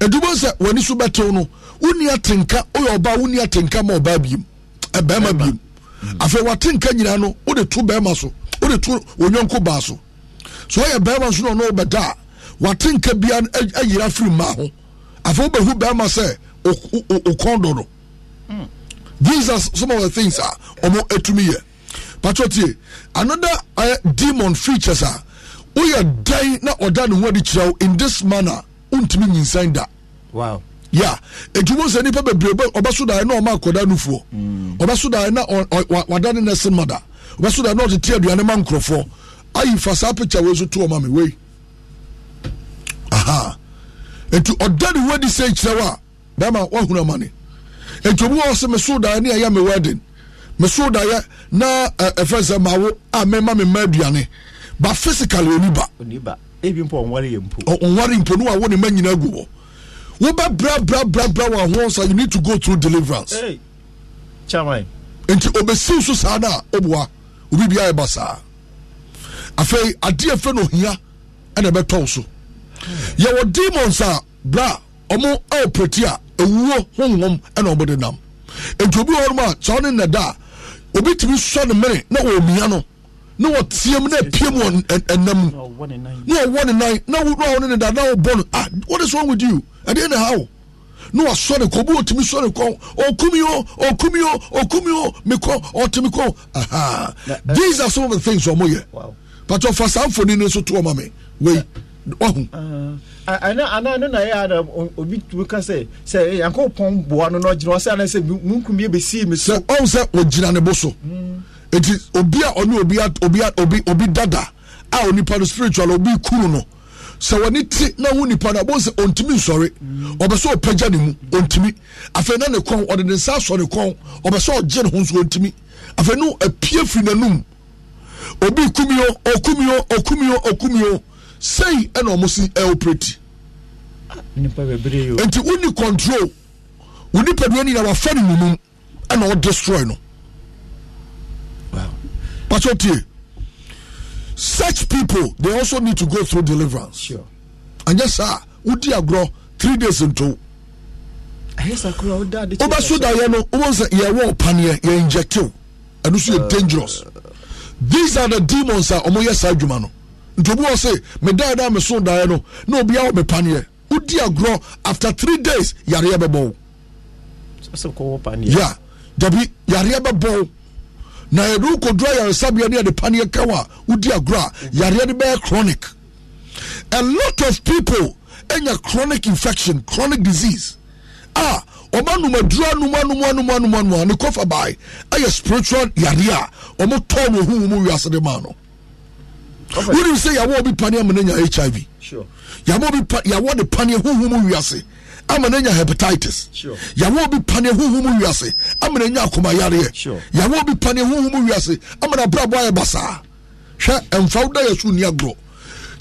adubɔ w'ani so bɛtew no wonni atenka woyɛ ɔba wonni atenka ma ɔbaa biem ɛbɛrima biem mm. afei w'atenka nyinaa no wode to bɛrima so wode to onyɔnko baa so so ɔyɛ bɛrima so na ɔno wobɛda a w'atenka bia ayira firi mmaa ho afei wobɛhu bɛrima sɛ okɔn do no these mm. are some of the things a ɔmo atumi yɛ patrotie another uh, demon features a woyɛ dan na ɔda ne ho adi kyerɛ in this manner wontumi nyinsan da wow. ya edwuma sɛ nipa bebree ɔbɛso daeɛ na ɔma akɔda nufoɔ ɔbɛso daeɛ na wada ne nɛse mada ɔbɛso daeɛ na ɔtete aduane ma nkurɔfoɔ ayi fa saa picture wei so to ɔma me wei aha nti ɔda ne ho adi sɛ kyerɛ wo a bɛrima woahunu amane nti obi wɔ sɛ meso daeɛ ne ɛyɛ me wedding meso dayɛ na ɛfɛ sɛ mawo a mɛma me ma aduane ba physically oni ba ɔnware mpo ne wawo ne ma nyina agu hɔ wobɛbrabrabrabra wɔ sa you need to go through deliverance nti obɛsiw so saa no a ɔboa obi ɛba saa afei adeɛ fɛ no ohia ɛna ɛbɛtɔw so yɛwɔ demons a bra ɔmo aoprɛti a ɛwuo honhom ɛna ɔmode nam nti obi wɔ nom a sɛ ɔne nnɛda a obi tumi sɔ ne mmiri na wɔmia no na wɔteɛ mu na apie mu ɛnam na ɔwɔ ne nan na wɔwɔ ne ne da na wɔbɔ no ah what is wrong with you ɛdeɛ na how na wasɔ ne kɔ obi otumi sɔ ne kɔ okumi o okumi o okumi o mekɔ ɔtumi kɔ aha these are some of the things wɔn yɛ pàtó fasanfoni ni nso tó ɔma mi wei ɔhu. Ah, ah, ana ana ne na yɛ ara obi tu ka sɛ sɛ eh, yanko pɔn boa no n'ɔgyina ɔsɛ ana sɛ mu nkun yɛ besi mi so. sɛ ɔn sɛ ogyina ne bo so hmm. eti obi a ɔne obi obi obi obi dada a onipa no spiritual obi kuru no sɛ wɔne ti na ho nipa no abɔ sɛ ɔntumi nsɔre ɔbɛ hmm. sɛ ɔpɛgya ne mu ɔntumi afei na ne kɔn ɔde ne nsa asɔ ne kɔn ɔbɛ sɛ ɔgye ne ho nso ɔntumi afei no apue firi n'anum obi kumio okumio okumio okumio sei ɛna ɔmo si ɛoperate nti woni control wo nipadua nyina wafa no nunum ɛna wo destroy no pakyɛ tie such people they also need to go through deliverance sure. anyɛ saa wodi agorɔ three days nto wobɛso daeɛ no wobɛhu sɛ yɛwɔ ɔpaneɛ yɛinjectew ɛno so yɛ dangerous uh. these are the demons a ɔmoyɛ saa adwuma no nti obi wɔ se me daeɛ da meso daeɛ no na obia wɔ mepaneɛ wodi agorɔ after three days yareɛ bɛbɔ wo ya dabi yareɛ bɛbɔ wo na yɛde wokɔdura yaresabea ne yɛde paneɛ ka wo a wodi agorɔ a yareɛ no bɛyɛ chronic a lot of people ɛnya chronic infection chronic disease a ah, ɔma numaduro anum anum anum anum anum a ne kɔfa bae ɛyɛ spiritual yareɛ a ɔmo tɔn wɔ huhu mu wiase de maa no wonim sɛ yɛwɔ obi pane ama no nya hiv yɛwɔ de pane honhom wiase ama no nya hepatitis Sure. obi pane honhom wiase ama no nya akomayareɛ yɛwɔ obi pane honhom wiase ama no abrabɔ ayɛ basaa hwɛ ɛmfa wo da yɛ so nni agorɔ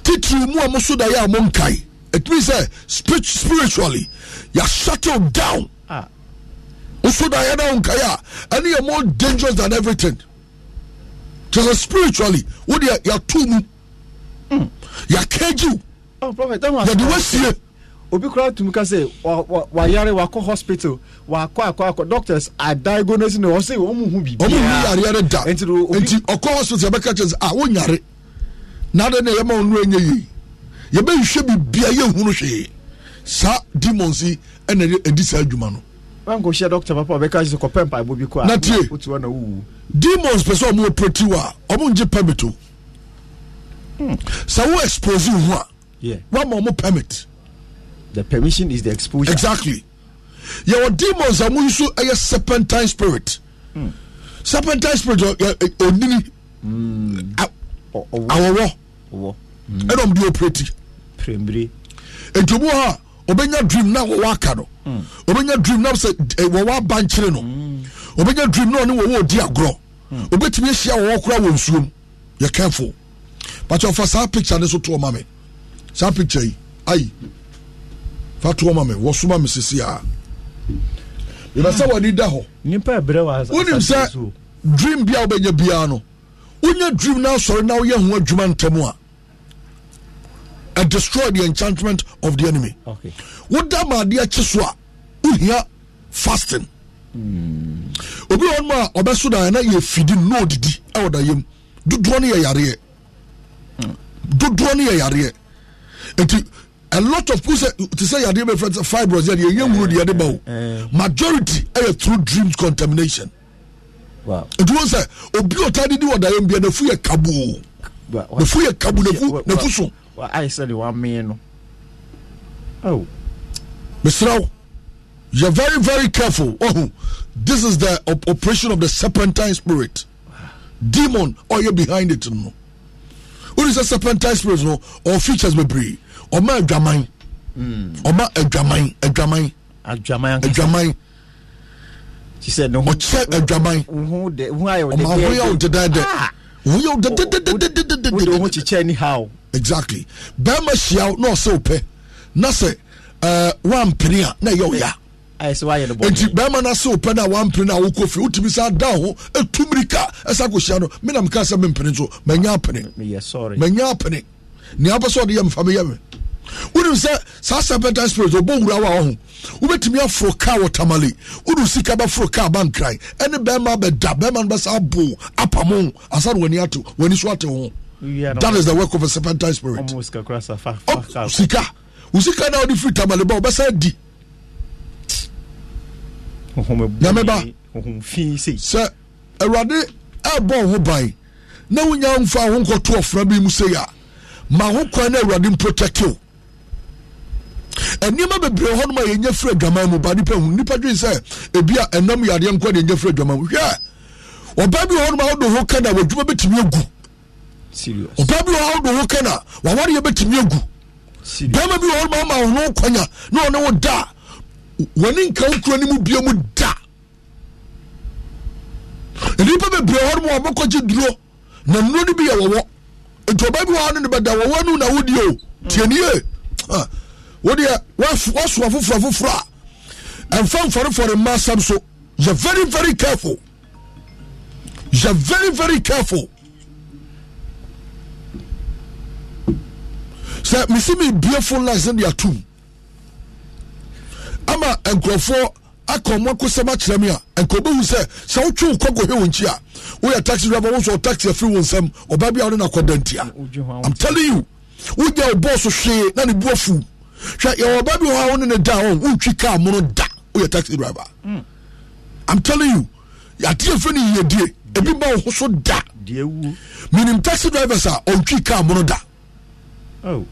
titiri mu a moso da yɛ a monkae it means sɛ spiritually yɛ shuttle down ah. woso da yɛ na wonkae a yɛ more dangerous than everything spiritually, sɛ spiritually wodeɛ yɛto mu yɛkagyiw yɛde wasie obi koraa tumi ka sɛ wayare wakɔ hospital wakɔ akɔ akɔ doctors are diagnosing no ɔsɛ wɔn mu hu biribi ɔmu hu yareɛ da nti ɔkɔ hospital yɛbɛka kyerɛ sɛ a wonyare n'ade ne yɛma wɔn nura nye yie yɛbɛhwɛ biribi a yɛhunu hwee saa demons yi ɛna ɛdi saa adwuma no wankɔhyia dɔctor papa ɔbɛka sɛ kɔpɛ mpaebɔ bi kɔ a na tie wotiwa na wowu demons pɛ sɛ ɔmo wa. wo a permit o hmm. sɛ wo expose wo ho a woama permit the permission is the exposure exactly yɛwɔ demons a moyi so ɛyɛ serpentine spirit hmm. serpentine spirit ɔnini eh, eh, eh, hmm. awɔwɔ ɛna ɔmde operate prembre ɛnti mu hɔ Obenya dream na wɔwɔ aka no hmm. obɛnya dream na sɛ eh, wɔwɔ aba nkyere no hmm. obɛnya dream na ɔne wɔwɔ odi agorɔ hmm. obɛtumi ahyia wɔwɔ kora wɔ nsuom yɛ careful but ɔfa saa picture ne so toɔ ma me saa picture yi ayi fa toɔ ma me wɔsoma me sisi a yɛbɛ sɛ wɔde da hɔ wonim sɛ dream bi a wobɛnya biara no wonya dream na asɔre na woyɛ ho adwuma ntɛm a and destroy the enchantment of the enemy woda maade akyi so a wohia fasting obi wɔ nom a ɔbɛso da na yɛfidi no ɔdidi ɛwɔ da yam dodoɔ no yɛ yareɛ dodoɔ no yɛ yareɛ nti a lot of people say to say yàda ebe fẹsẹ fibros yẹ yẹ wúro di yàda bawo eh, eh. majority ẹ through dreams contamination ètò wọn sẹ obi didi. ọ̀tá dídí wọ̀dà yẹn bíẹ nàfú yẹ kabu nàfú yẹ kabu nàfú nàfú sùn ayɛ sɛde wamee no oh. mesrɛ wo you're very very careful oh this is the op- operation of the serpentine spirit demon ɔyɛ behind it no wọ́n sẹ́ serpentine spirit no ọ̀ features bebree ọ̀ma adwaman ọ̀ma adwaman adwaman adwaman ọ̀kyẹ́ adwaman ọ̀ma ahoyɛ ọ̀dedadẹ ọ̀ma ahoyɛ ọ̀dedadẹ. wọ́n yẹ ọ̀dedadẹ. wọ́n de ohun kyikyẹ́ ni how exactly bɛrima hyia wo na ɔsɛ wo pɛ na sɛ wampene a na ɛyɛ wo ya nti bɛrima no ase wo pɛ no a wampene no a wokɔ firi wotumi sa da ho ɛtumirika ɛsa kɔhyia no menam ka sɛ mempene so manya apene manya apene nea wopɛ sɛ ɔde yɛ mfa meyɛ me wonim sɛ saa serpentine spirit ɔbɔ wura wa ho wobɛtumi aforo kaa wɔ tamale wonim sika bɛforo kaa bankran ɛne bɛrima bɛda bɛrima no bɛsa abo apamo asa no w'ani ato w'ani so ate ho that is the work of a serpentine spirit sika wo oh, sika na wode firi tamale ba wobɛsa di nyame ba sɛ awurade ɛbɔ wo ho ban na wonya mfa wo nkɔto ɔfra bi mu sei a ma ho kwan na awurade mprotɛkte wo nneɛma bebree hɔ nom a yɛnya firi adwaman mu ba nipa hu nipa dwen sɛ ebi a ɛnam yadeɛ nkɔ na yɛnya firi adwaman mu hwɛ ɔbaa bi hɔ nom a wode ho ka na wadwuma bɛtumi agu ɔba bi wɔ hɔ wo kana waware yɛbɛtumi agu bɛrima bi wɔ hɔ ma ama wo ho kwanya na ɔne wo da a wɔne nka wo kuro no mu bia mu da nnipa bebree hɔ no ma wɔbɛkɔgye duro na nnuro no bi yɛ wɔwɔ nti ɔba bi wɔ hɔ no ne bɛda wɔwɔ no na wodie o tianie wodeɛ wasoa foforɔ foforɔ a ɛmfa mfɔrefɔre mma asɛm so yɛ very very careful yɛ very very careful sɛ mesi mi bie phone line sɛde atum ama nkurɔfoɔ aka ɔmo akosɛm akyerɛ mi a nkɔbɛhu sɛ sɛ wotwe wokɔ kɔhwɛ wo nkyi a woyɛ taxi driver wo sɛ taxi afiri wo nsɛm ɔba bi a wone no akɔdantia am telling you wogya wo bɔɔso hwee na ne bu afu hwɛ yɛwɔ ɔba bi hɔ a wone ne da hɔ wontwi kaa mono da woyɛ taxi driver I'm telling you adeɛ fɛ no yiyɛdie ebi ma wo so da minim taxi drivers a ɔntwi kaa mono da Oh.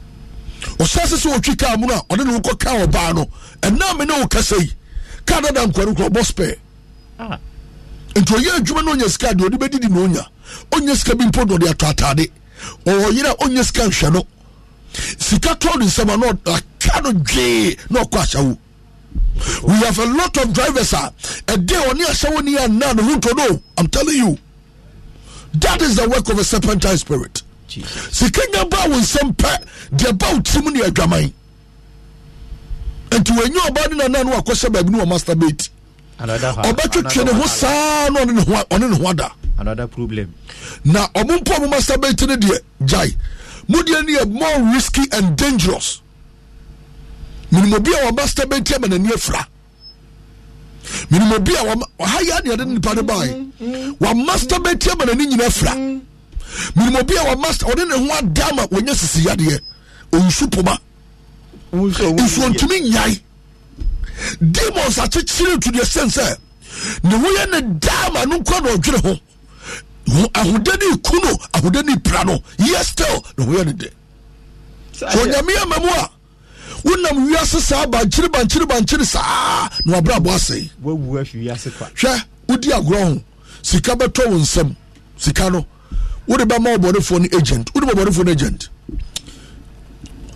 se sɛ wɔtwi kaa mu no a ɔne ne wokɔ kaa ɔbaa no ɛna me ne wo kasa yi kaa dada nkware kora ɔbɔ spɛɛ ah. nti ɔyɛ adwuma no ɔnya sika deɛ ɔde bɛdidi na ɔnya ɔnya sika bi mpo na ɔde atade ɔwɔ yere a ɔnya sika nhwɛ no sika tɔ nsɛm a na no dwee na ɔkɔ ahyɛwo we have a lot of drivers a ɛde ɔne ahyɛwo ni yɛ anaa ne ho ntɔ no i'm telling you that is the work of a serpentine spirit sika nya ba wo nsɛm pɛ deɛ ba wo tirim ne adwaman nti wɔanya ɔba ne nana no wakɔhyɛ baabi ne wɔ masturbate ɔbɛtwetwe ne ho saa na ɔne ne ho ada na ɔmo mpo mo masturbate no deɛ gyae mo ne yɛ more risky and dangerous menim obi a wɔ ama n'ani afira menim a ha yɛ adeɛ de no bae wa ama n'ani nyina afira mm -hmm. minimu bi a wama ɔde ne ho ada ama wɔnyɛ sisi yadeɛ onsu poma nsuo ntumi nyae demons akyekyere to deɛ sɛn sɛ ne ho yɛ ne da no nkɔ na ɔdwere ho ahode ne ku no ahode ne pra no yɛ still ne ho yɛ ne de onyame ama mu a wonam wiase saa bankyere bankyere bankyere saa na wabrɛ abɔ ase hwɛ wodi agorɔ ho sika bɛtɔ wo nsam sika no wode bɛma ɔbɔnefoɔ no agent wode bɔbɔnefoɔ no agent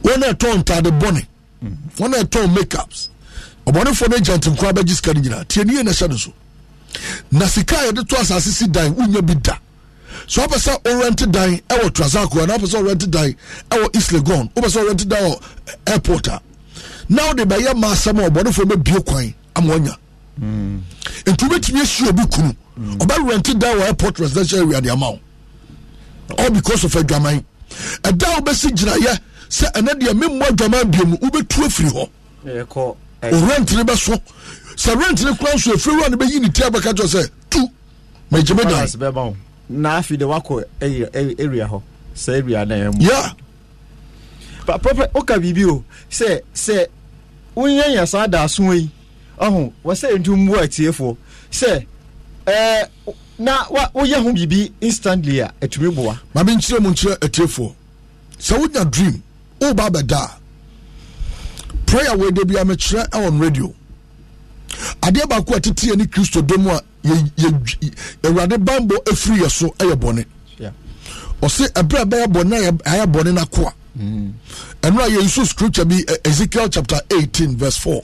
wɔne ɛtɔn ntade bɔne wɔne ɛtɔn makeups ɔbɔnefoɔ no agent nkoa bɛgye sika no nyinaa tie nie na ɛhyɛ no so na sika a yɛde to asase si dan wonya bi da so wopɛ sɛ orent dan ɛwɔ trasakoa na wopɛ sɛ orent dan ɛwɔ east legon wopɛ sɛ orent dan wɔ uh, airport a na wode bɛyɛ ma asɛm a ɔbɔnefoɔ bɛbie kwan ama ɔnya nti wobɛtumi ahyi obi kunu ɔbɛrente dan wɔ airport residential area de ama wo all because of adwaman ɛda wobɛsi gyinaeɛ sɛ ɛnɛ deɛ memmɔ adwaman bio mu wobɛtu afiri hɔ orentene bɛso sɛ rentene kora nso ɛfiri wura no bɛyi ne ti abɛka kyerɛ sɛ tu magyeme dan na afei de wakɔ area hɔ sɛ area na ɛmu ya papa woka biribi saa da yi ɔho wɔ sɛ ɛntu mmoa atiefoɔ sɛ na woyɛ ho biribi instantly a ɛtumi boa mame nkyerɛ mu nkyerɛ atiefoɔ sɛ wonya dream woba bɛda a prayer wei da bia mekyerɛ ɛwɔ radio adeɛ baako a teteɛ ne kristo dɔ mu a awurade bambɔ ɛfiri yɛ so ɛyɛ bɔne ɔse ɛberɛ bɛyɛ bɔne ayɛ bɔne no akoa mm. ɛno a yɛyiso scripture bi ezekiel chapter 18 verse 4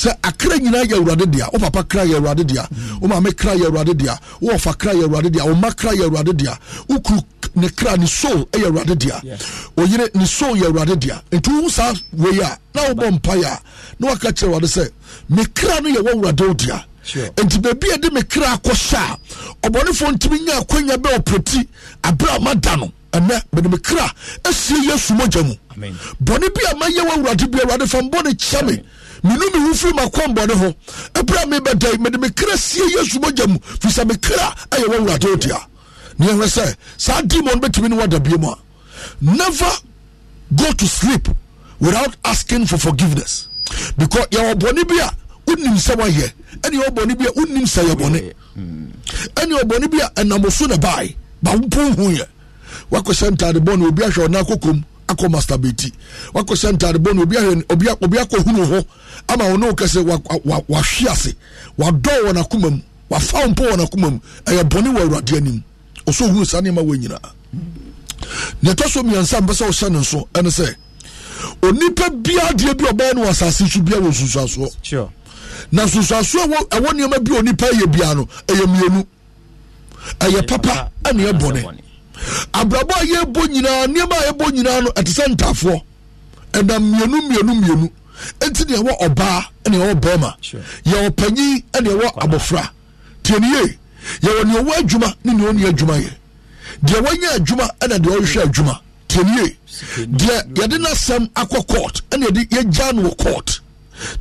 sɛ akra nyinaa yɛ awurade dea wo papa kra yɛ awurade dea wo maame kra yɛ awurade dea wo ɔfa kra yɛ awurade dea wo ma kra yɛ awurade dea wo kuru ne kra ne soul yɛ awurade dea oyere ne soul yɛ awurade dea nti wo saa wei a na wobɔ mpaeɛ a na waka kyerɛ awurade sɛ me kra no yɛwɔ awurade wo dea nti baabi a de me kra akɔhyɛ a ɔbɔnefoɔ ntumi nya akwanya bɛ ɔprɛti aberɛ a mada no ɛnɛ mede me kra asie yesu mogya mu bɔne bi a mayɛ wɔ awurade bi awurade fa mbɔne kyɛ me menu me wofiri makɔmbɔne ho ɛberɛ a mebɛdai mede me kra sie yesu mogya mu firi sɛ me ɛyɛ wɔ awurade odia ne yɛhwɛ sɛ saa demon bɛtumi ne wada bio mu a never go to sleep without asking for forgiveness because yɛwɔ bɔne bi a wonim sɛ woayɛ ɛne yɛwɔ bɔne bi a wonim sɛ yɛ bɔne ɛne yɛwɔ bɔne bi a ɛnam so na bae ba wompo hu yɛ woakɔhyɛ ntade bɔne obi ahwɛ ɔna kokom akɔ masturbate wakɔ hyɛ ntaade bɔ no obi ahwɛ obi obi akɔ hunu ho ama wɔn no kɛse wa wa wahwe ase wadɔ wɔn akoma mu wafa mpo wɔn akoma mu ɛyɛ bɔne wɔ awurade anim ɔsɔ ohun saa nneɛma wɔ nyinaa nea ɛtɔ so mmiɛnsa mpɛsɛ ɔhyɛ ne nso ɛne sɛ onipa biara deɛ bi ɔbɛyɛ no wɔ so biara wɔ nsusuasoɔ na nsusuasoɔ ɛwɔ ɛwɔ nneɛma bi onipa yɛ biara no ɛyɛ mmienu ɛyɛ papa ɛne ɛbɔne abrabɔ a yɛbɔ nyinaa nneɛma a yɛbɔ nyinaa no ɛte sɛ ntafoɔ ɛnam mmienu mmienu mmienu nti deɛ ɛwɔ ɔbaa ɛna ɛwɔ bɛrima yɛwɔ panyin ɛna ɛwɔ abɔfra tiɛniyɛ yɛwɔ nea ɔwɔ adwuma ne nea ɔni adwuma yɛ deɛ wɔnyɛ adwuma ɛna deɛ ɔrehwɛ adwuma tiɛniyɛ deɛ yɛde n'asɛm akɔ court ɛna yɛde yɛgya no wɔ court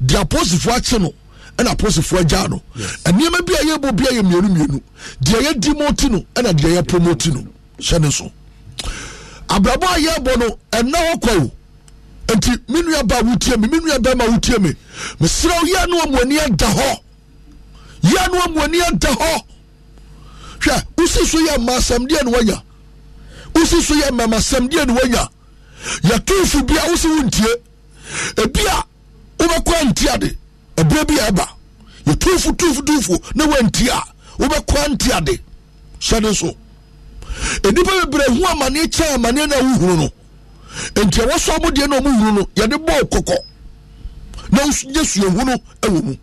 deɛ aposifoɔ akye no ɛna aposifoɔ agya no nneɛma bi a yɛbɔ bi a yɛ mmienu mmienu deɛ yɛdi mo ti no ɛna deɛ yɛpɔ mo ti no hyɛ ne so abrabɔ a yɛbɔ no ɛna hɔ kɔ o nti me nua ba wotie me me nua bɛrima wotie me mesrɛ wo yɛ no amuani ada hɔ yɛ no amuani ada hɔ hwɛ wosi so yɛ mma asɛmdeɛ ne wanya wosi so yɛ mmama asɛmdeɛ ne wanya yɛtomfo bia wosi wo ntie ebia wobɛkɔ antie ade ɛberɛ bi a ɛba yɛtomfo tomfo tomfo na woantie a wobɛkɔ antie ade hyɛ so nnipa bebree hu amane amane na wohuru no nti na ɔmo no yɛde bɔɔ kɔkɔ na nyɛ suahu ɛwɔ mu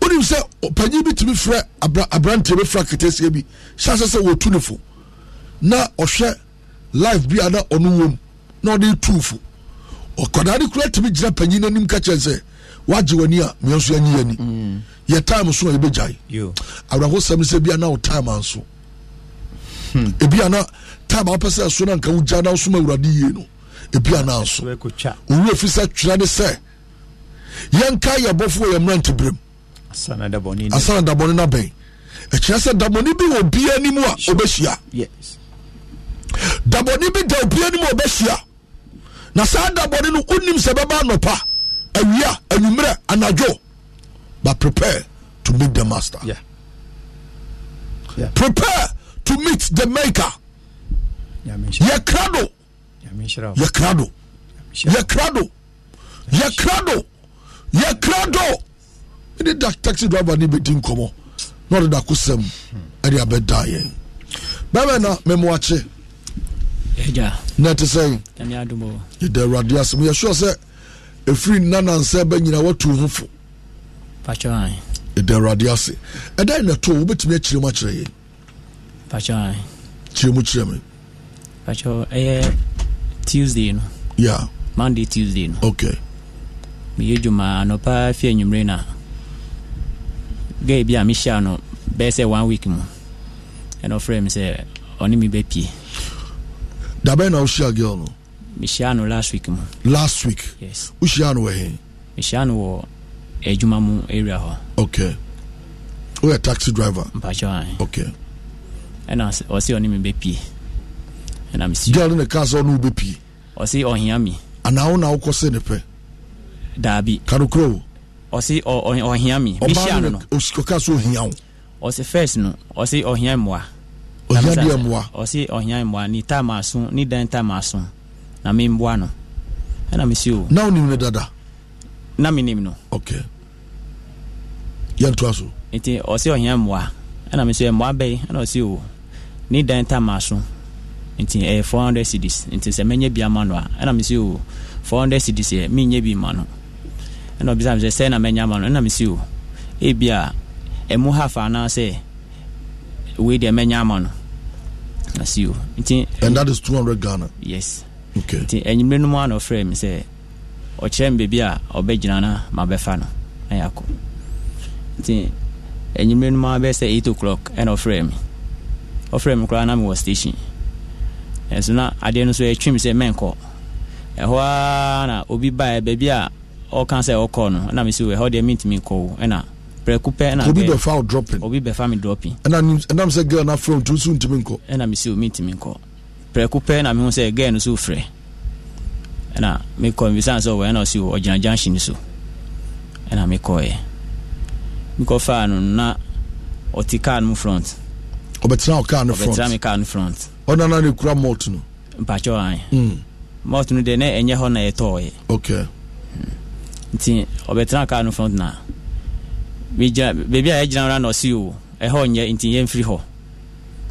wonim sɛ panyin bi tumi frɛ aberanteɛ bi ketesia bi hyɛ sɛ na ɔhwɛ life bi a na ɔno na ɔde tu fo ne kura tumi gyina panyin ka sɛ a nso anyi ani mm. yɛ time so yɛbɛgyae sɛ bia na wo time Hmm. ebi ana time apɛ sɛ ɛso na nka wogya na wosoma awurade yie no ebi ana nso owurɛ fi sɛ twerɛ de sɛ yɛnka yɛbɔfoɔ yɛ mmerante berɛm asana dabɔne no bɛn ɛkyerɛ sɛ dabɔne bi wɔ bia anim a ɔbɛhyia dabɔne bi da obia anim a ɔbɛhyia na saa dabɔne no wonim sɛ bɛba anɔpa awia anwummerɛ anadwo but prepare to meet the master yeah. Yeah. prepare meet the maker yɛ krado yɛ krado yɛ krado yɛ krado yɛ krado ɛne da taxi driver ni bɛdi nkɔmmɔ na ɔde da kosɛm ɛde abɛda yɛn bɛmɛ na memoakye na ɛte sɛ yɛda awurade asɛm yɛsure sɛ ɛfiri nanansɛ bɛ nyina watu ho fo yɛda awurade ase ɛdɛn na ɛtoo wobɛtumi akyerɛ mu akyerɛ yɛn pàtó kyerɛ mu kyerɛ me pàtó ɛyɛ tuesday no yeah monday tuesday no okay meyɛ dwuma anɔpa fi anwummere no gaa bi a mehyia no bɛɛ sɛ one week mu ɛna ɔfrɛ me sɛ ɔne me bɛpie da bɛn na wohyia girl no mehyia no last week mu last week yes wohyia no wɔ he mehyia no wɔ adwuma mu area hɔ okay woyɛ taxi driver mpakyɛ okay ɛna ɔsɛ ɔne me bɛpie ɛna mesi gyare ne kaa sɛ ɔne wobɛpie ɔse ɔhia mi anaa na wokɔ se ne pɛ daabi ɔhia sɛ ɔhia wo no ɔhia ɔhia ɔhia ta dan ta na memboa no ɛna mesi o na wonim ne dada na menim no okay yɛntoa so nti ɔse ɔhia mmoa ɛna meso ɛmmoa bɛyi ɛna o ne dan maa so nti ɛyɛ eh, four hundred cedis nti sɛ mɛnyɛ bi ama no a ɛna mi si o four hundred cedis yɛ eh, mi nyɛ bi ma no ɛna ɔbisa mi sɛ sɛ na mɛnyɛ ama no ɛna mi si o ebi a ɛmu e half anaa sɛ wei deɛ mɛnyɛ ama no na si o nti. and that is two hundred ghana. yes okay nti ɛnyimire no mu a na ɔfrɛ mi sɛ ɔkyerɛ mi beebi a ɔbɛgyina na ma bɛfa no na yɛ akɔ nti ɛnyimire no mu a bɛ sɛ eight o'clock ɛna ɔfrɛ mi. ɔfrɛ me koraa na mewɔ station ɛnso na adeɛ no so ɛtwem sɛ a na obi baɛ baabi a ɔka sɛ ɔkɔ no na mesɛ ɛhɔ deɛ mentumi nkɔ ɛna prɛko bɛfa me mesɛ mentumi nkɔ prɛko pɛ na mehu sɛ girl no so frɛ ɛna mekɔ sɛ ɔgyina junction so ɛna mekɔɛ mekɔfaa no na ɔte car no front ɔbɛtena ɔkaa no front ɔbɛtena mi kaa no front ɔnana ne kura malt no mpatsɔ an hmm. malt no ne enye hɔ na nti ɔbɛtena no na a yɛgyina o ɛhɔ nyɛ nti hɔ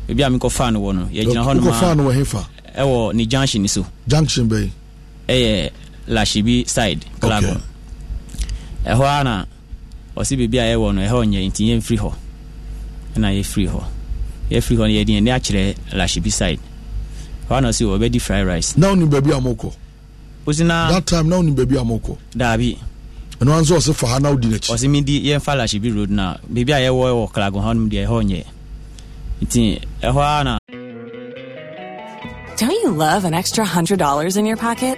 a fan wɔ no yɛgyina hɔ no ma wɔ hefa ɛwɔ junction so junction bɛyi ɛyɛ side ɔsi beebi a yɛwɔ no ɛhɔ nyɛ yɛfiri hɔ no yɛde yɛne akyerɛ lahyebi side hɔ na wɔbɛdi fry rice na wonim baabi a mokɔ wosi na that time na wonim baabi a mokɔ daabi ɛno an sɛ ɔse fa ha na wodi n'akyi ɔse medi yɛmfa lahyebi road no a baabi a yɛwɔ wɔ klago hɔ nom deɛ ɛhɔ nyɛ nti ɛhɔ a Don't you love an extra $100 in your pocket?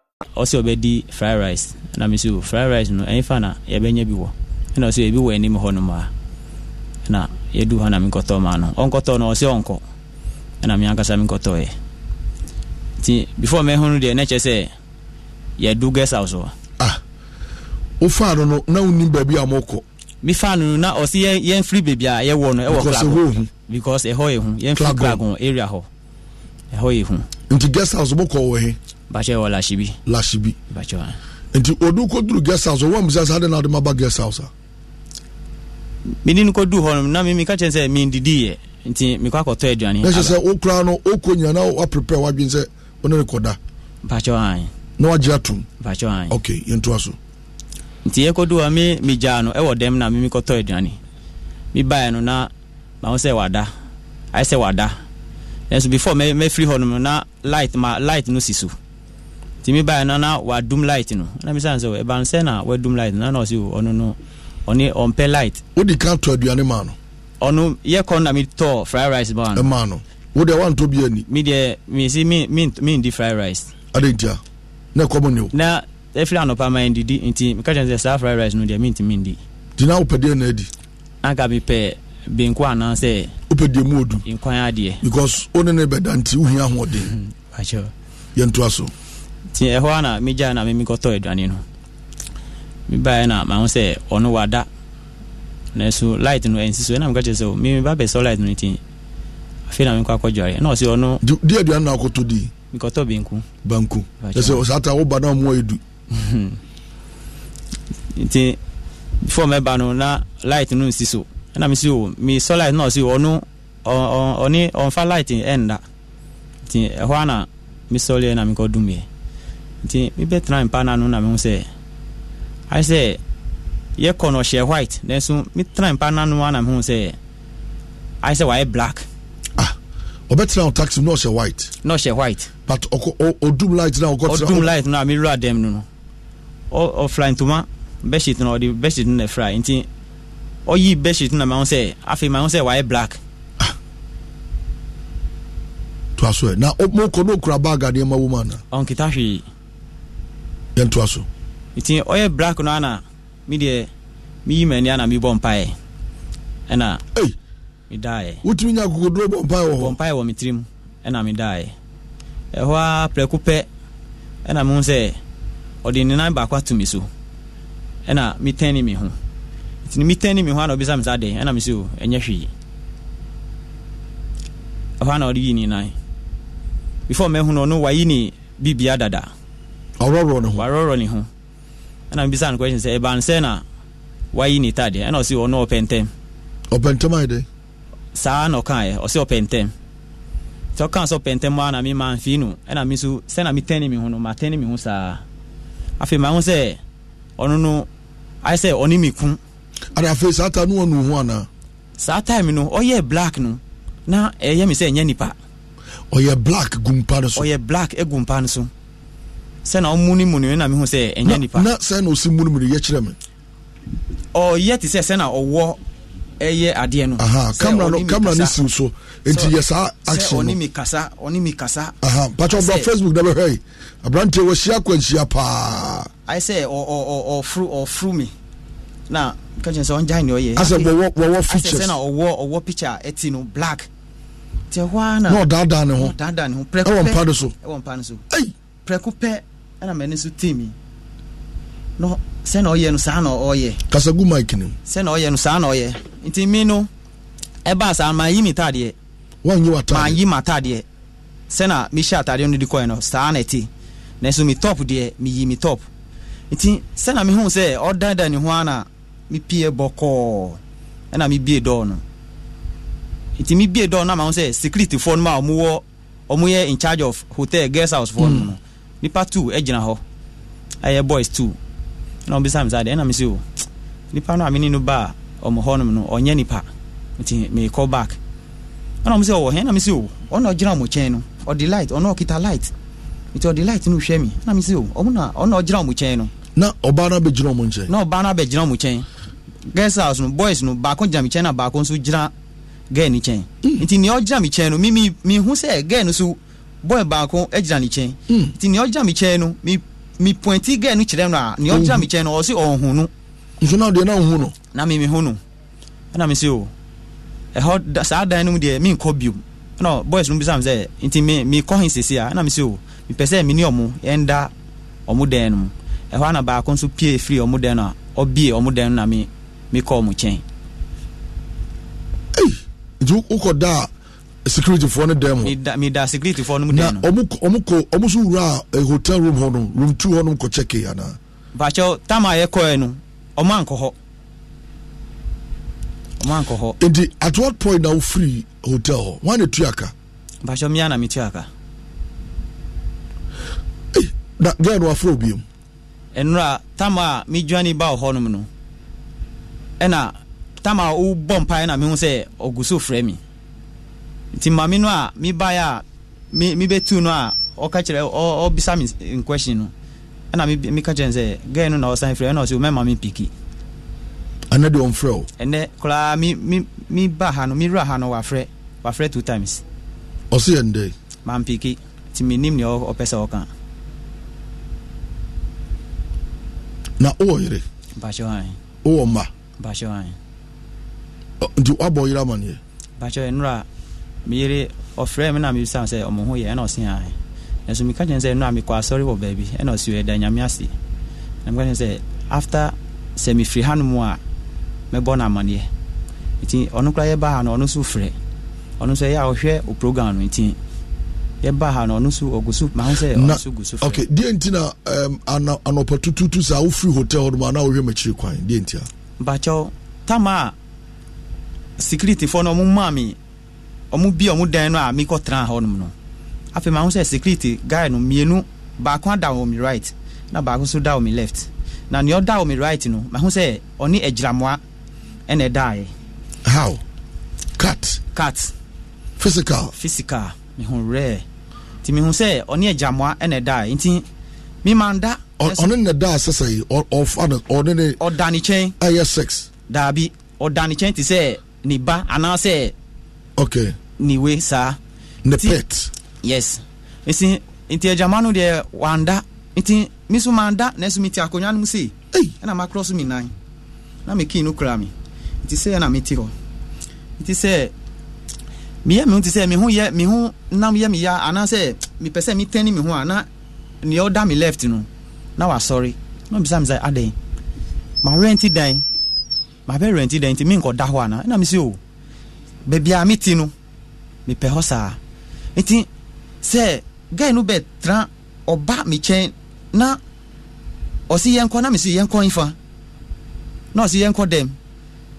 ɔsɛ ɔbɛdi fry rice na me fry rice no ɛmfa na yɛbɛnya bi wɔ ɛna ɔsɛ ebi wɔ anim hɔ na yɛdu ha na menkɔtɔ maa no ɔnkɔtɔ no ɔsɛ ɔnkɔ ɛna menkɔtɔɛ nti before na kyɛ sɛ yɛdu guest wofaa no no na wonim baabi a no no na ɔsɛ yɛmfiri baabi a yɛwɔ no ɛwɔ because ɛhɔ yɛ yɛmfiri area hɔ ɛhɔ yɛ nti mokɔ wɔ bàtchɛ wɔ lasibi. lasibi bàtchɛ wa. nti o dun ko duru guest house o wa musa sa adi na adi ba guest house a. mi ni ko du hɔ na mi mi ka kyɛn sɛ mi n didi yɛ nti mi kɔ akɔtɔ aduane. n'a sɛ sɛ o kura no o ko ɲinan na wa prepare wa bi n sɛ o ne kɔ da. bàtchɛ wa an. na wa jira tun. bàtchɛ wa an. ok yen to a so. nti yɛ ko du hɔ mi mi gya no ɛwɔ dɛm na mi mi kɔtɔ aduane mi ba yɛ no na maa sɛ before mɛ mɛ firi hɔ no light ma light no si tìmí báyìí nana wà dum light no ẹnna mi sàn sọ ẹ bá ń sẹ na wà dum light nana ọsẹ ọno no ọne ọmpẹ light. o di kan tọ aduane maa no. ọno yẹ kọ na mi tọ fried rice e maa no. ẹ maa no o de wa n tó bi ẹni. mi de mi si mi mi mi n di fried rice. adi n tia ne kọ mu ni o. na efiri anọpa maa n didi nti mi kẹ́kẹ́ sẹ́ sáà fried rice no de mi n ti mi n di. di na o pẹ diẹ na ẹ di. ka mi pẹ benko anan o pẹ diẹ e mu o dun. nkwan adiẹ. E. because o ni ne bẹ da nti ahoɔden. yẹn to aso nti ɛhɔ a na megya na meme kɔtɔ aduane no mebaɛ na maho sɛ ɔno na nanso light no ɛnsi so ɛna meka kyerɛ sɛ memeba bɛsɛ light no nti afei na mekɔ akɔdware ɛna ɔsɛ ɔno di aduane na akɔtɔ di mekɔtɔ banku banku ɛsɛ saa ta woba na ɔmoa ɛdu nti before mɛba no na light no nsi so ɛna mesi o mesɔ light na ɔsɛ ɔno ɔne ɔmfa light ɛnda nti ɛhɔ a na mesɔleɛ na mekɔdumiɛ nti mebɛtena mpa no ano na mehu sɛ ae sɛ yɛkɔ no ɔhyɛ white nanso metena mpa no ano na mehu sɛ ae sɛ wayɛ black ah, ɔbɛtena wo taxi na ɔhyɛ white na ɔhyɛ white but ɔdum light na ɔkɔdum light no a mewura dɛm no no ɔfra ntoma bɛhyit no ɔde bɛhyit no na ɛfra nti ɔyi bɛhyit no na maho sɛ afei maho sɛ wayɛ black ah. toa so ɛ na mokɔ ne ɔkura bag a nneɛma wɔ mu ana ɔnkita hwee to aso. nti ɔyɛ black no ana mi mi yi m'ani ana mi mebɔ mpaeɛ ɛna hey. medaeɛ wotumi nya akokoduro bɔ mpaeɛ wɔ hɔ mpaeɛ wɔ me tirim ɛna medaeɛ ɛhɔ a prɛko pɛ ɛna mehu sɛ ɔde ne nan baako ato mi so ɛna ni mi ho mi ne ni mi ho ana obisa mi sa dɛn ɛna mi sɛ o oh, ɛnyɛ hwee ɛhɔ ana ɔde yi ni nan before hu no ɔno wayi ni bibia dada ɔrɔrɔ ne ho warɔrɔ ne ho ɛna mbisa no question sɛ ɛban sɛ na wayi ne tadeɛ ɛna ɔsi ɔno ɔpɛntɛm ɔpɛntɛm ayɛ dɛ saa na ɔkaeɛ ɔsi ɔpɛntɛm sɛ ɔka sɛ ɔpɛntɛm a na me ma mfii no ɛna me so sɛ na metɛne me ho no matɛne me ho saa afei ma ho sɛ ɔno no ayɛ sɛ ɔne me ku ana afei saa ta no ɔnu ho anaa saa time no ɔyɛ black no na ɛyɛ me sɛ ɛnyɛ nipa ɔyɛ black gu mpa black gu sɛ na ɔmuni muni na mi hu sɛ ɛnyɛ nipa. na sɛ na osi muni muni yɛ kyerɛ mi. ɔyɛ ti sɛ sɛ na ɔwɔ ɛyɛ adeɛ no. kamara no kamara ni si so nti yɛ saa action no. sɛ ɔni mi kasa ɔni mi kasa. pàtó ɔbɛn facebook dɛ bɛ hɛ yi aberanteɛ wɔ hyia kɔ nhyia paa. ayi sɛ ɔ ɔ ɔfuru ɔfuru mi na kɛntɛn sɛ ɔngya ni ɔyɛ. asɛ wɔwɔ wɔwɔ features asɛ sɛ na ɔwɔ ɔwɔ picture ɛti no black tɛ hɔ no n'ɔdaadaa ne ho ɛwɔ mpa ne so. ɛwɔ mpa ne so. ɛyi prɛko pɛ ɛna m'ani so te mi no sɛ na ɔyɛ no saa na ɔyɛ kasagu mike no sɛ na ɔyɛ no saa na ɔyɛ nti mi no ɛbaa saa maa yi mi taadeɛ wɔn yi wa taadeɛ maa yi ma taadeɛ sɛ na mi hyɛ ataadeɛ no de kɔɛ no saa na ɛte na nso mi top deɛ mi yi mi top nti sɛ mi hu sɛ ɔdaadaa ne ho ana mi pie bɔkɔɔ ɛna mi bie dɔɔ no nti mi bie dɔɔ no ama ho sɛ security foɔ no mu a ɔmo wɔ ɔmo yɛ in charge of hotel guest house foɔ no. Mm nipa two gyina hɔ ɛyɛ boys two na ɔmo bisa mi saa deɛ ɛna mi si o oh, nipa no a mi ni no ba a ɔmo hɔ nom no ɔnyɛ nipa nti mi kɔ back ɛna ɔmo si ɔwɔ oh, hɛn ɛna mi si o oh, ɔna ɔgyina ɔmo kyɛn no ɔdi light ɔna ɔkita light nti ɔdi light no hwɛ mi ɛna mi si o ɔmo na ɔna ɔgyina ɔmo kyɛn no. na ɔbaa no abɛgyina ɔmo nkyɛn. na ɔbaa no abɛgyina ɔmo kyɛn girls house no boys no baako gyina mi kyɛn na baako nso gyina girl ni kyɛn hmm. nti nea ɔgyina mi kyɛn no mi mi mi hu sɛ girl no so. boy baako gyina ne kyɛn nti nea ɔgyina me kyɛn no mi pointi girl no kyerɛ no a nea ɔgyina me kyɛn no ɔsi ɔnhu no nso na ɔdeɛ na ɔnhu no na me me hu no ɛna me se o ɛhɔ saa dan no mu deɛ mi nkɔ biom ɛna boys no bisa sɛ nti mi mi kɔ hin sese a ɛna me se o mi pɛ sɛ mi ne ɔmo ɛnda ɔmo dan no mu ɛhɔ ana baako nso pie firi ɔmo dan no a ɔbie ɔmo dan no na mi mi kɔ ɔmo kyɛn. ee nti wokɔ da security foɔ no dan mu na ɔmo kɔ ɔmo so wura a eh, hotel room hɔ no room two hɔ no kɔ check in ana. bàtchɛ tam a yɛ kɔɛ no ɔmo ankɔ hɔ ɔmo ankɔ hɔ. nti at what point na o free hotel hɔ wɔn eh, na tu aka. bàtchɛ mmea na mi tu aka. ee na girl no afro bi mu. nnura tam a mi dwani ba hɔ nom no ɛna tam a bɔ na mi ho sɛ ɔgu so frɛ mi. nti maame no a mebaeɛ a mebɛtu no a ɔka kyerɛ ɔbisa me nkwahyi no ɛna meka kyerɛ sɛ gɛ no na ɔsan frɛ ɛna ɔsɛ mɛma me piki ɛnɛ deɛ ɔmfrɛ o ɛnɛ koraa meba ha no mewura ha no wafrɛ wafrɛ two times ɔse yɛ ndɛ mampiki nti menim neɛ ɔpɛ sɛ ɔka na wowɔ yere bakyɛ wa wowɔ mma bakyɛ wa nti woabɔ yere amaneɛ bakyɛ n'ora. meyere ɔfrɛ me na mebisa sɛ ɔmo ho yɛ ɛna ɔse ae nanso meka kyɛn sɛ no a mekɔ asɔre wɔ baabi ɛna ɔsi ɛda nyame ase na meka kyɛn sɛ after sɛ mefiri ha no mu a mɛbɔ no amanneɛ ha no ɔno nso frɛ ɔno nso ɛyɛ a ɔhwɛ ha no ɔno nso ɔgu so maho sɛ ɔno nso nti na anɔpa tututu wofiri hotel no wohwɛ makyiri kwan deɛ nti a bakyɛw tama a ɔmo bi ɔmo dan no a mekɔ tena hɔnom no afei maa ho sɛ security guy no mmienu baako ada wɔ me right na baako nso da wɔ me left na nea ɔda wɔ me right no maa ho sɛ ɔne agyiramoa ɛna ɛdaeɛ. how cat. cat. physical. physical mihun rɛ ti mihun sɛ ɔne agyiramoa ɛna ɛdaeɛ nti mi maa da. ɔne ne da sɛsɛ yi ɔfa ɔne ne. ɔda ne kyɛn. ɛyɛ ah, sex. daabi ɔda ne kyɛn ti sɛ ne ba anaasɛ. okay. Niwe wei saa ne pet yes nti nti adwama no deɛ wanda nti me manda na so mete akonnwa no mu sei ɛna makorɔ so menan na mekii no kura me nti sɛ ɛna mete hɔ nti sɛ meyɛ mi ho te sɛ me ho yɛ me ho nam yɛ me ya anaasɛ mepɛ sɛ metɛne me ho a na neɛ ɔda me left no na wasɔre na bisa me sɛ adɛn marenti dan mabɛrenti dan nti menkɔda hɔ ana ɛna me sɛ o oh, baabia mete no mepɛ hɔ saa nti sɛ guy no bɛtena ɔba me kyɛn na ɔsi yɛnkɔ na mesi yɛnkɔ nfa na ɔsi yɛnkɔ dɛm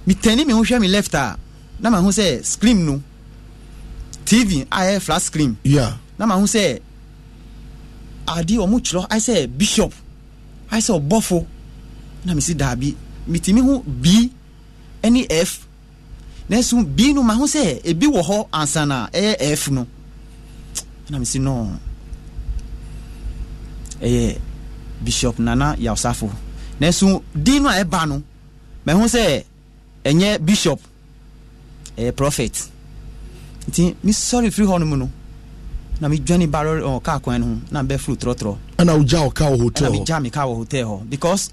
mitɛni mi ho hwɛ mi left a na ma ho sɛ screen no tv a yɛ flat screen yeah. na ma ho sɛ adi ɔmo kyerɛ ayi sɛ bishop ayi sɛ ɔbɔfo na mesi daabi mitimi ho b ɛne f nanso bi no ma ho ebi wɔ hɔ ansa na ɛyɛ ɛf no ɛna mi si no ɛyɛ bishop nana yawsafo nanso din no a ɛba no ma ho sɛ ɛnyɛ bishop ɛyɛ prophet nti mi sɔre firi hɔ no no na mi dwani barrel ɔ kaa kwan no ho na bɛ furu trɔtrɔ. ɛna o ja o kaa wɔ hotel ɛna mi ja mi kaa wɔ hotel hɔ because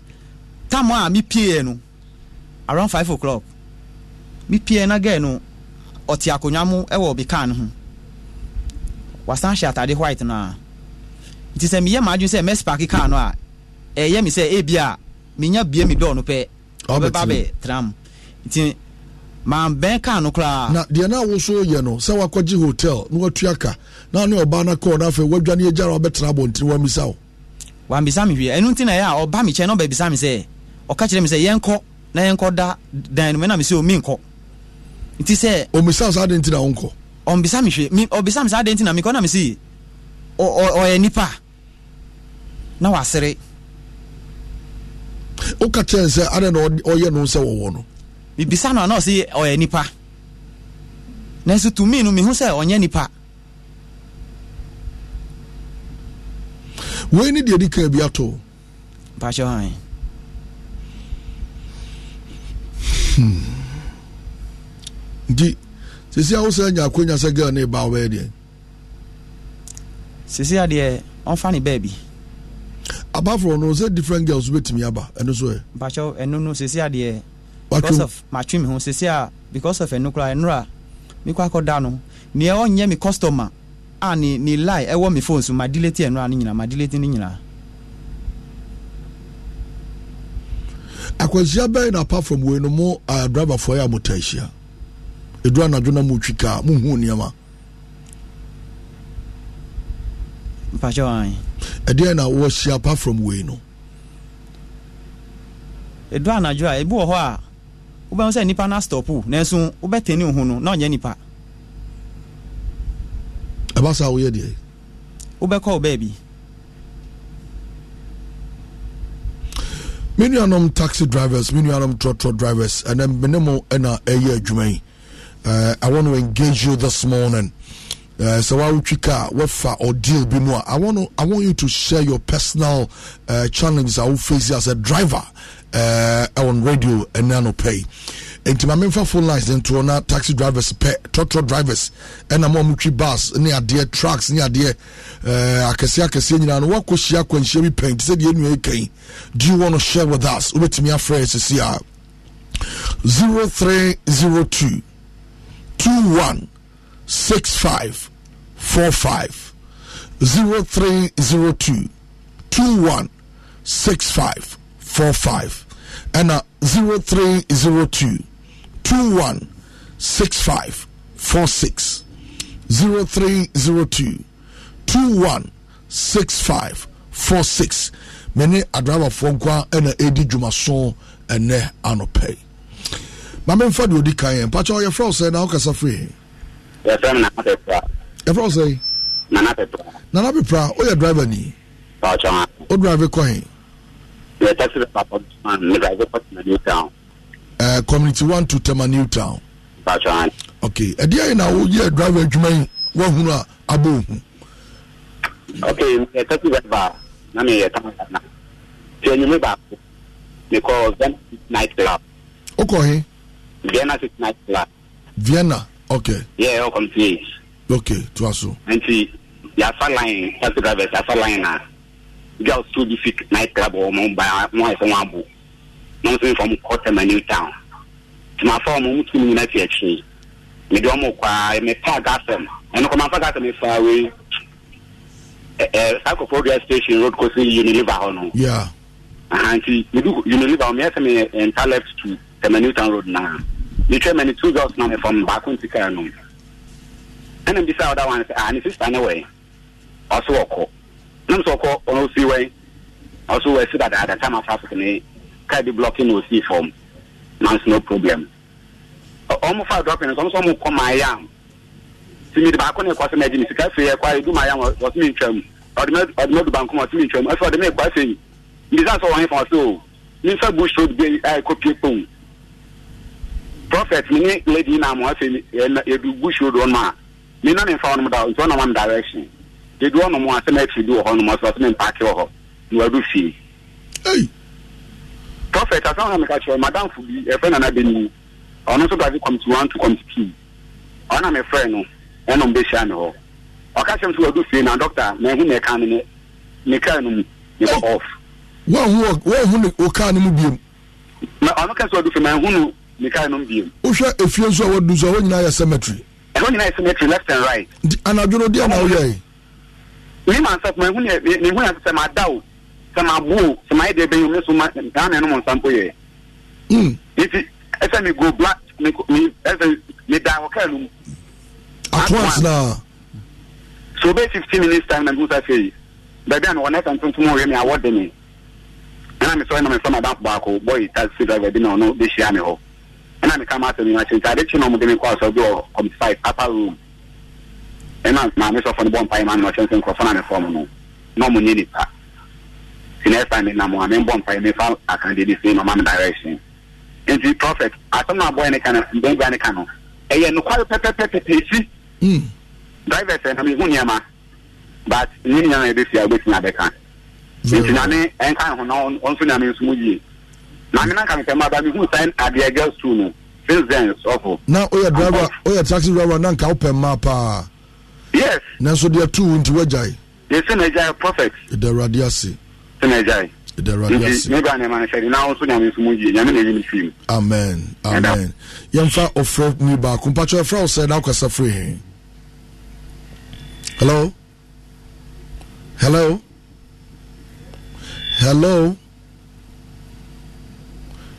tam a mi pie yɛ no around five o'clock mepie na gɛɛ no ɔte akonnwa mu wɔ ɔbi kaa no ho wasan hyɛ atade white no a nti sɛ meyɛ m'adwene sɛ mɛsparke kaa no a ɛyɛ me sɛ ebi a menya bie me dɔɔ no pɛ ɔbɛba bɛ tram nti mambɛn kaa no koraa na deɛ na wo so yɛ no sɛ wakɔgye hotel na watua ka na ne ɔbaa no kɔɔ no afei woadwane agyara wobɛtena abɔntene wamisa wo wambisa me hwie ɛno nti na ɛyɛ a ɔba me kyɛn na ɔbɛbisa me sɛ ɔka kyerɛ me sɛ yɛnkɔ na yɛnkɔ da dan no mɛna me sɛ omi oh, nkɔ nti sɛ. omisa saa de nti na nkɔ. ɔmbisa mi hwɛ mi ɔbisa mi saa de nti na mi kɔ na mi si ɔ ɔyɛ nipa na wasere. o ka kyɛn sɛ adan na ɔyɛ no sɛ wɔwɔ no. bibisa na ɔsi ɔyɛ nipa nanso tumi no mihu sɛ ɔnyɛ nipa. wei ni deɛ di kan bi ato. mpakyɛ hɔn. Hmm nti sisi ahosuo anya akonya sɛ girl ne ba ɔbɛyɛ deɛ. sisi adeɛ ɔnfa ne baabi. abaafo no sɛ different girls bɛtumi aba ɛno so yɛ. mpakyɛw ɛno no sisi adeɛ. watwi because of matwi mi ho sisi a because of ɛno kora ɛnura mi kɔ akɔda no nea ɔnyɛ mi customer a ne ne lie ɛwɔ mi phone so ma delete ɛnura ne nyinaa ma delete ne nyinaa. akwanhyia bɛyɛ na apart from wei no mo uh, ah, driverfoɔ yɛ a mo ta ahyia. ɛduru anadwo na mu mutwi kaa muhu nneɛma ɛdeɛ na wɔhyia apart from wei no ɛduru anadwo a ebi wɔ hɔ a wobɛhu sɛ nipa na astɔpo nanso wobɛtani wo ho no na ɔnyɛ nipa ɛba saa woyɛ deɛ wobɛkɔ wo baabi me nuanom taxi drivers me nuanom trɔtrɔ drivers ɛnɛ mene mo ɛna ɛyɛ adwuma yi uh, I want to engage you this morning. Uh, so I will check what for or deal be more. I want to, I want you to share your personal uh, challenges I will face as a driver uh, on radio and nano pay. And to my main phone lines then to honor taxi drivers, pe, trotro drivers, and I'm on bus, near dear trucks, near dear uh Akasia Kasian and what could she and Sherry Paint said you do you want to share with us? Wait me a phrase here. 0302 two one six five four five zero three zero two two one six five four five and uh, zero three zero two two one six five four six zero three zero two two one six five four six mene adrabafoɔ nkoa ɛna ɛdi dwumaso ɛnɛ anɔpɛ yi maame nfa deɛ odi kan yɛn mpakyɛ ɔyɛ frɛ ɔsɛ na ɔkasa firi. yɛfrɛ mi nana pepra. yɛfrɛ ɔsɛ. nana pepra. nana pepra o yɛ driver ni. pakyɛ ma. o drive kɔn. yɛ taxi driver papa tuma ne drive kɔ tuma new town. ɛɛ community one to tema new town. pakyɛ ma. ok ɛdi yɛ na o yɛ driver adwuma yi wɔhunu a abo ohun. ok yɛ taxi driver na mi yɛ kama kana. tiɛ nyi mi baako mi kɔ zen night club. o kɔ hin. Vienna six night class. Vienna okay. Yeah, welcome oh, to it. Okay, to us. Oh. And see, yafa line taxi drivers yafa line na girls too be sick night club or oh, mo ba mo ẹsẹ wọn abo mo n sin from Kotema New Town. Tuma fọ ọmọ mu tún mi náà ti ẹ̀kí. Mèdè ọmọ kwa ẹ̀mẹ̀ pa gasẹ̀m ẹnu kọ́ máa fa gasẹ̀m ẹ̀fọ́ awé ẹ̀ sakofo gas station road kò sí Unilever hɔ no. Nti mèdè Unilever ọmọ yẹn sẹ́mi ẹ̀ ń ta left two sɛma Newton road naa metwɛ ma ne two girls na mefam baako nti kaa no ɛna mbisa ɔda wan sɛ ah ne sister ne wɛn ɔso ɔkɔ nam sɛ ɔkɔ ɔno si wɛn ɔso wɛn si dada ada time traffic ne kaa bi blocking na osi fam nanso no problem ɔmo fa dropping nso ɔmo sɛ ɔmo kɔ maa yam ti mi de baako ne kɔ sɛ mɛgye ne sika fɛ yɛ kɔ ayɛ du maa yam wɔsi mi ntwam ɔde mɛ du banko wɔsi mi ntwam ɛfɛ ɔde mɛ kɔ afɛ yi mbisa sɛ ɔwɔn yɛ fɔ bush road bi ɛɛ kɔ prophet mi lady na mo afi eh, edu do one a mi na fa da so na one direction de do mụ mo asem afi do ho no mo na me pack ho do hey prophet madam fu bi eh, na na be ni ono so gazi committee to committee ọ ona me no ono eh, mbe o ka chem do na doctor na hu na ịka o ka na mika nom biem. wohwɛ efie nso a wɔdu so a nyinaa yɛ cemetery. ɛhɔ nyinaa yɛ cemetery left and right. anadwo no deɛ na woyɛ yi. mi ma nsɛpɛ mehu yɛ mehu yɛ sɛ ma da o sɛ ma bu o sɛ ma yɛ de ebɛyi mi so ma ghana ɛnum nsampo yɛ. Hmm. nti ɛsɛ mi go black mi mi ɛsɛ mi da wɔ kaa at once na. so bɛ fifteen minutes time na mi nsa fɛ yi bɛɛbi a na wɔn ɛsɛ ntuntun wɔyɛ mi awɔ de mi ɛna mi sɔ ɛna mi sɔ ma ba baako bɔyi taxi driver bi na ɔno bɛ hyia mi hɔ ɛna meka ma asɛm nyina kyerɛ nti adekye na ɔmode me kɔa sɛ bi wɔ committe five upper room ɛna maame sɔfo no bɔ mpae ma no ɔkyɛn sɛ nkurɔfo na mefɔm no na ɔmo nyɛ nipa nti next time nam a membɔ mpae mefa akande ne sei mama me direction nti prophet asɛm no abɔɛ ne ka no mbɛngua ne ka no ɛyɛ nokware pɛpɛpɛpɛpɛ si hmm. driver sɛ na mehu nneɛma but ne nyinaa yɛbɛfia wobɛtumi abɛka nti nyame ɛnka ho na ɔnso nyame nso mu yie maame na nkankan mu aba mi hu sign adeɛ girls two no since then sɔfo. na o yɛ driver o yɛ taxi driver na nka o pɛ mmaa paa. yes. na nso deɛ two nti wagya yi. yesi na egya yɛ perfect. edawurade ase. yesi na egya yi. edawurade ase. nti ne ba nneɛma ne hyɛ de n'ahosuo nyame nso mu yie nyame na eyi fi mu. amen amen yɛnfa ɔfrɛ ni baako mpatsɔ ɛfrɛ ɔsɛ n'akɔsa firi hɛn. hello hello hello.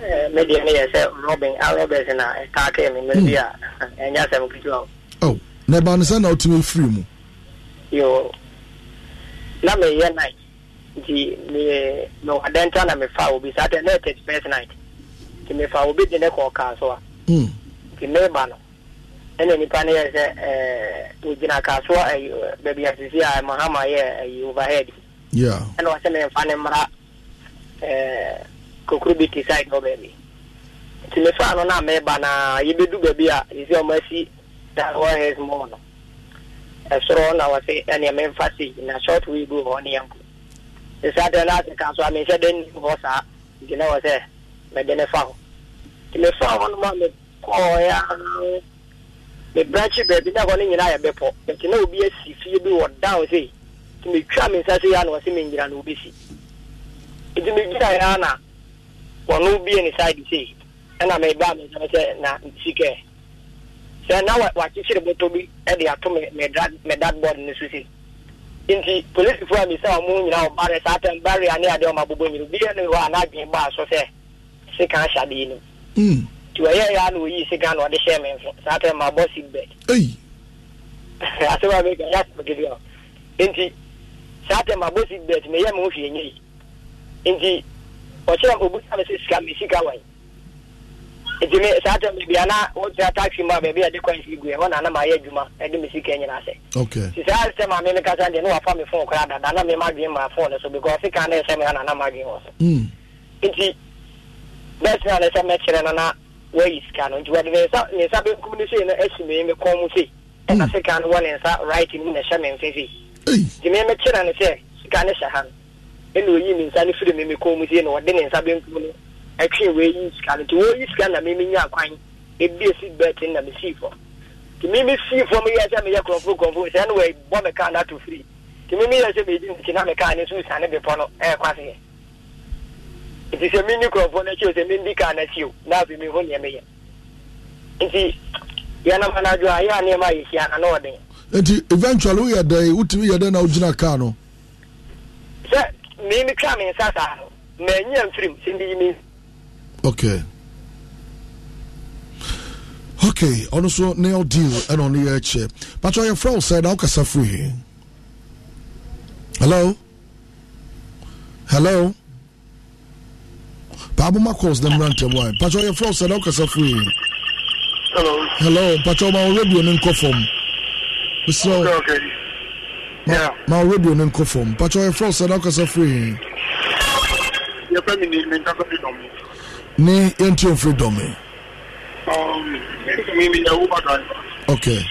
me deɛ meyɛ sɛ robin alebert na ɛtaakee me mmerɛ bi a ɛnyɛ asɛm ketewa o na ɛba no sɛ na wotumi firi mu yo na meyɛ night nti mewadɛnta na mefa obi saa tɛ na first night nti mefa obi de ne kɔɔ kaa so uh, hmm. uh, a nti meba no ɛna nipa no yɛ sɛ ogyina kaa so a baabi asisi a mahama yɛ ayi overhead ɛna wɔsɛ memfa ne mmara kokoro bi ti side hɔ baabi nti mefa no na meba na yɛbɛdu baabi a yɛsi ɔmo asi da hɔ hɛs mɔɔ no ɛsoro na wɔse ɛneɛ memfa sei na short way go hɔ ne yɛnko nti saa dɛn no ase ka so a menhyɛ dɛn nim hɔ saa nti na wɔ sɛ mede ne fa hɔ nti mefa hɔ nom a mekɔɔɛ mebrakye baabi na hɔ no nyinaa yɛ bepɔ nti na obi asi fie bi wɔ down sei nti metwa me nsa so yɛ a na wɔse mengyina na obɛsi nti megyina yɛ a na wɔn bie ne side sei ɛna mɛ ba mɛ sɛ sɛ na nsi kɛ sɛ na wakyekyere bɔtɔ bi ɛde ato mɛ mɛ dashboard ne so sei nti polisifoɔ a misa wɔn nyinaa wɔn baare saa atɛn barrier ne adeɛ wɔn abobɔ nyina obi yɛ ne hɔ a n'adwene baa so sɛ sika ahyɛ adeɛ no nti wɔyɛ yɛ a na oyi sika na ɔde hyɛ mɛ nso saa atɛn ma bɔ seat belt asɛm a mɛka yɛ asɛm ketewa nti saa atɛn ma bɔ seat belt mɛ yɛ mɛ ho hwɛ enye yi nti ɔkyerɛ obusa me sɛ sika me sika wɔn nti me saa tɛm bibia na wotua taxi mu a baabi a ɛde kwan si guɛ hɔ na na maayɛ adwuma ɛde me sika nyinaa sɛ nti saa sɛm a meme kasa deɛ ne wafa me fon koraa dada na mema adwen ma fon no so because sika na ɛsɛ me ana na madwen wɔ so nti bɛsena ne sɛ mɛkyerɛ no na wayi sika no nti wɔde ne nsa benkum no sei no asi me me kɔn mu sei ɛna sika no wɔ ne nsa right mu na ɛhyɛ me mfe sei nti meme kyerɛ no sɛ sika ne hyɛ ha no ɛna oyi ne nsa no firi mimi kɔn mu sie na ɔde ne nsa benkum no ɛtwe wɔyi sika no nti wɔyi sika na mimi nya kwan ebie si bɛt na mi si fɔ nti mimi si fɔ mi yɛ sɛ mi yɛ kurɔfo kurɔfo sɛ ɛna wɔyi bɔ mi kaa n'ato firi nti mimi yɛ sɛ mi di nti na mi kaa ne so sa ne bepɔ no ɛyɛ kwaseɛ nti sɛ mi ni kurɔfo n'akyi o sɛ mi di kaa n'akyi o n'afi mi ho nea yɛ nti yɛnam anadwo a yɛ a nneɛma yɛ hyia na n'ɔden. nti eventually woyɛ dɛ wotumi yɛ dɛ na wogyina kaa no. sɛ mi mi kra mi nsa saa ma enyi ya mfiri m si ndị mi. okay okay ɔno nso nail deal ɛna ɔno yɛ ɛkyɛ patro yɛ fɛn sɛ na ɔkasa firi hello hello baabo ma calls na mmeran tɛm wae patro yɛ fɛn sɛ na ɔkasa firi hello hello patro ma ɔrɛdio ne nkɔ fam. Okay, okay na radio no nkɔ fam mpakyɛ yɛfrɛ sɛ na wokasa firi ne yɛnti ɔmfiri dɔme ok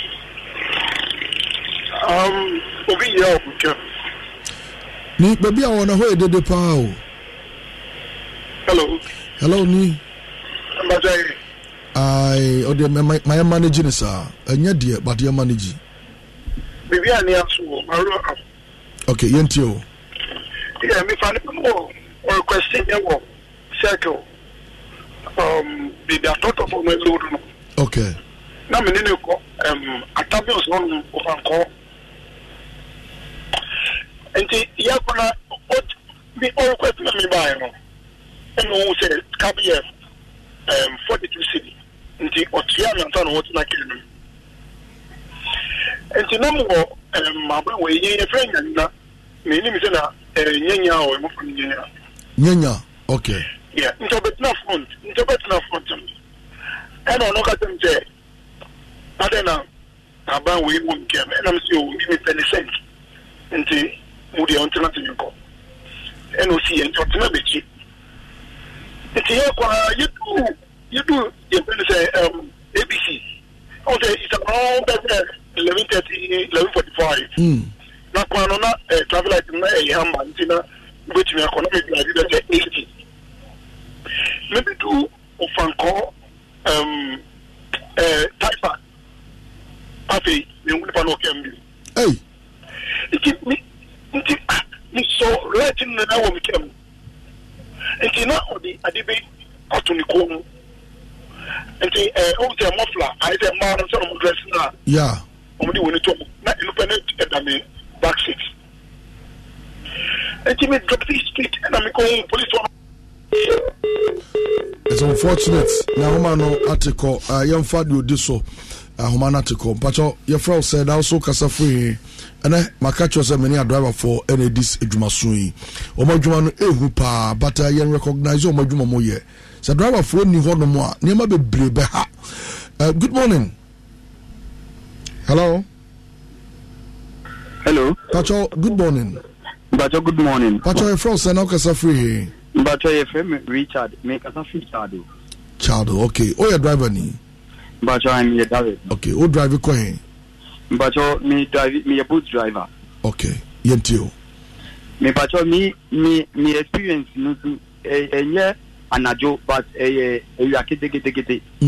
um, obi yɛ ɔbotwa ni baabi a wɔn hɔ yɛ dede paa o hello hello ni mbaja yi oh, ayi ɔdi ma yɛ manage uh, ni saa ɛnyɛ deɛ ba deɛ manage. bibi a ni aso wɔ ɔrɔ. ok yɛn um, um, ti o. yɛ mifa ne mo ɔrekwɛsi yɛ wɔ sɛto bibi atɔtɔ fɔ ɔmɛ lóru no. ok. na mi ni ne kɔ atabios hɔ nom ɔfankɔ nti yɛ kɔnɔ mi ɔrekwɛsi na mi baa yɛ no ɛna ohun sɛ kabi yɛ forty two cedi nti ɔtua mi ansa na wɔtena kiri no nti na mu wɔ mabra wɔ yɛn yɛfrɛ nyanya na ɛnim sɛ na nyanya a ɔyɛ mɔfo nyanya nyanya okay yeah nti ɔbɛtena front nti ɔbɛtena front mu ɛna ɔno kasa mu sɛ adɛ na aban wɔ ewu nkɛm ɛna mu sɛ omi mi pɛ ne sɛn nti mu deɛ ɔntena te nyɔkɔ ɛna osi yɛ nti ɔtena bɛkyi nti yɛ kɔ ha yɛdu yɛdu yɛ pɛ ne sɛ ɛm abc ɔn sɛ it's an all best eleven thirty eleven forty five. Hmm. na kwan no na ẹ eh, traffic light na ẹ eh, yẹ ama nti na wobɛtumi akɔ na mebi adi bɛsɛ eighty. mebi du ofankɔ um, ɛ eh, taifa afei mehu nipa na ɔkɛ mi. nti mi nti ah mi sɔ light no na wɔ mi kɛ mu nti na ɔde ade bi ato ne kɔn mu nti ɛ o sɛ mɔfla ayɛ sɛ mmaa no sɛ ɔmo dress na wɔn de wɔn tɔm na nipa no ɛda mi back seat ɛti e mi drop the street ɛna mi kɔ wɔn polisi wɔn. It's unfortunate. na Homa no article, uh, ah, young Fadi Odiso, uh, ah, Homa no article. But your friend said, also Casafri, and I, my catcher said, many are driver for any this Jumasui. Omajuman, Ehupa, but I uh, ah, recognize Omajuma Moye. So, driver for any one more, near my baby, Good morning hello. hello. pàtó good morning. pàtó good morning. pàtó efra ọsẹ náà kẹsà firi. pàtó efra mi richard mi a firi chado. chado okay o yẹ driver ni. pàtó i'm yẹ driver. okay Who drive kọ yẹn. pàtó mi drive mi yẹ boat driver. okay yẹn ti o. mi pàtó mi mi mi experience mi tu ẹ ẹ yẹ anadio but ẹ yẹ ẹ yẹ akedegedegede. ẹ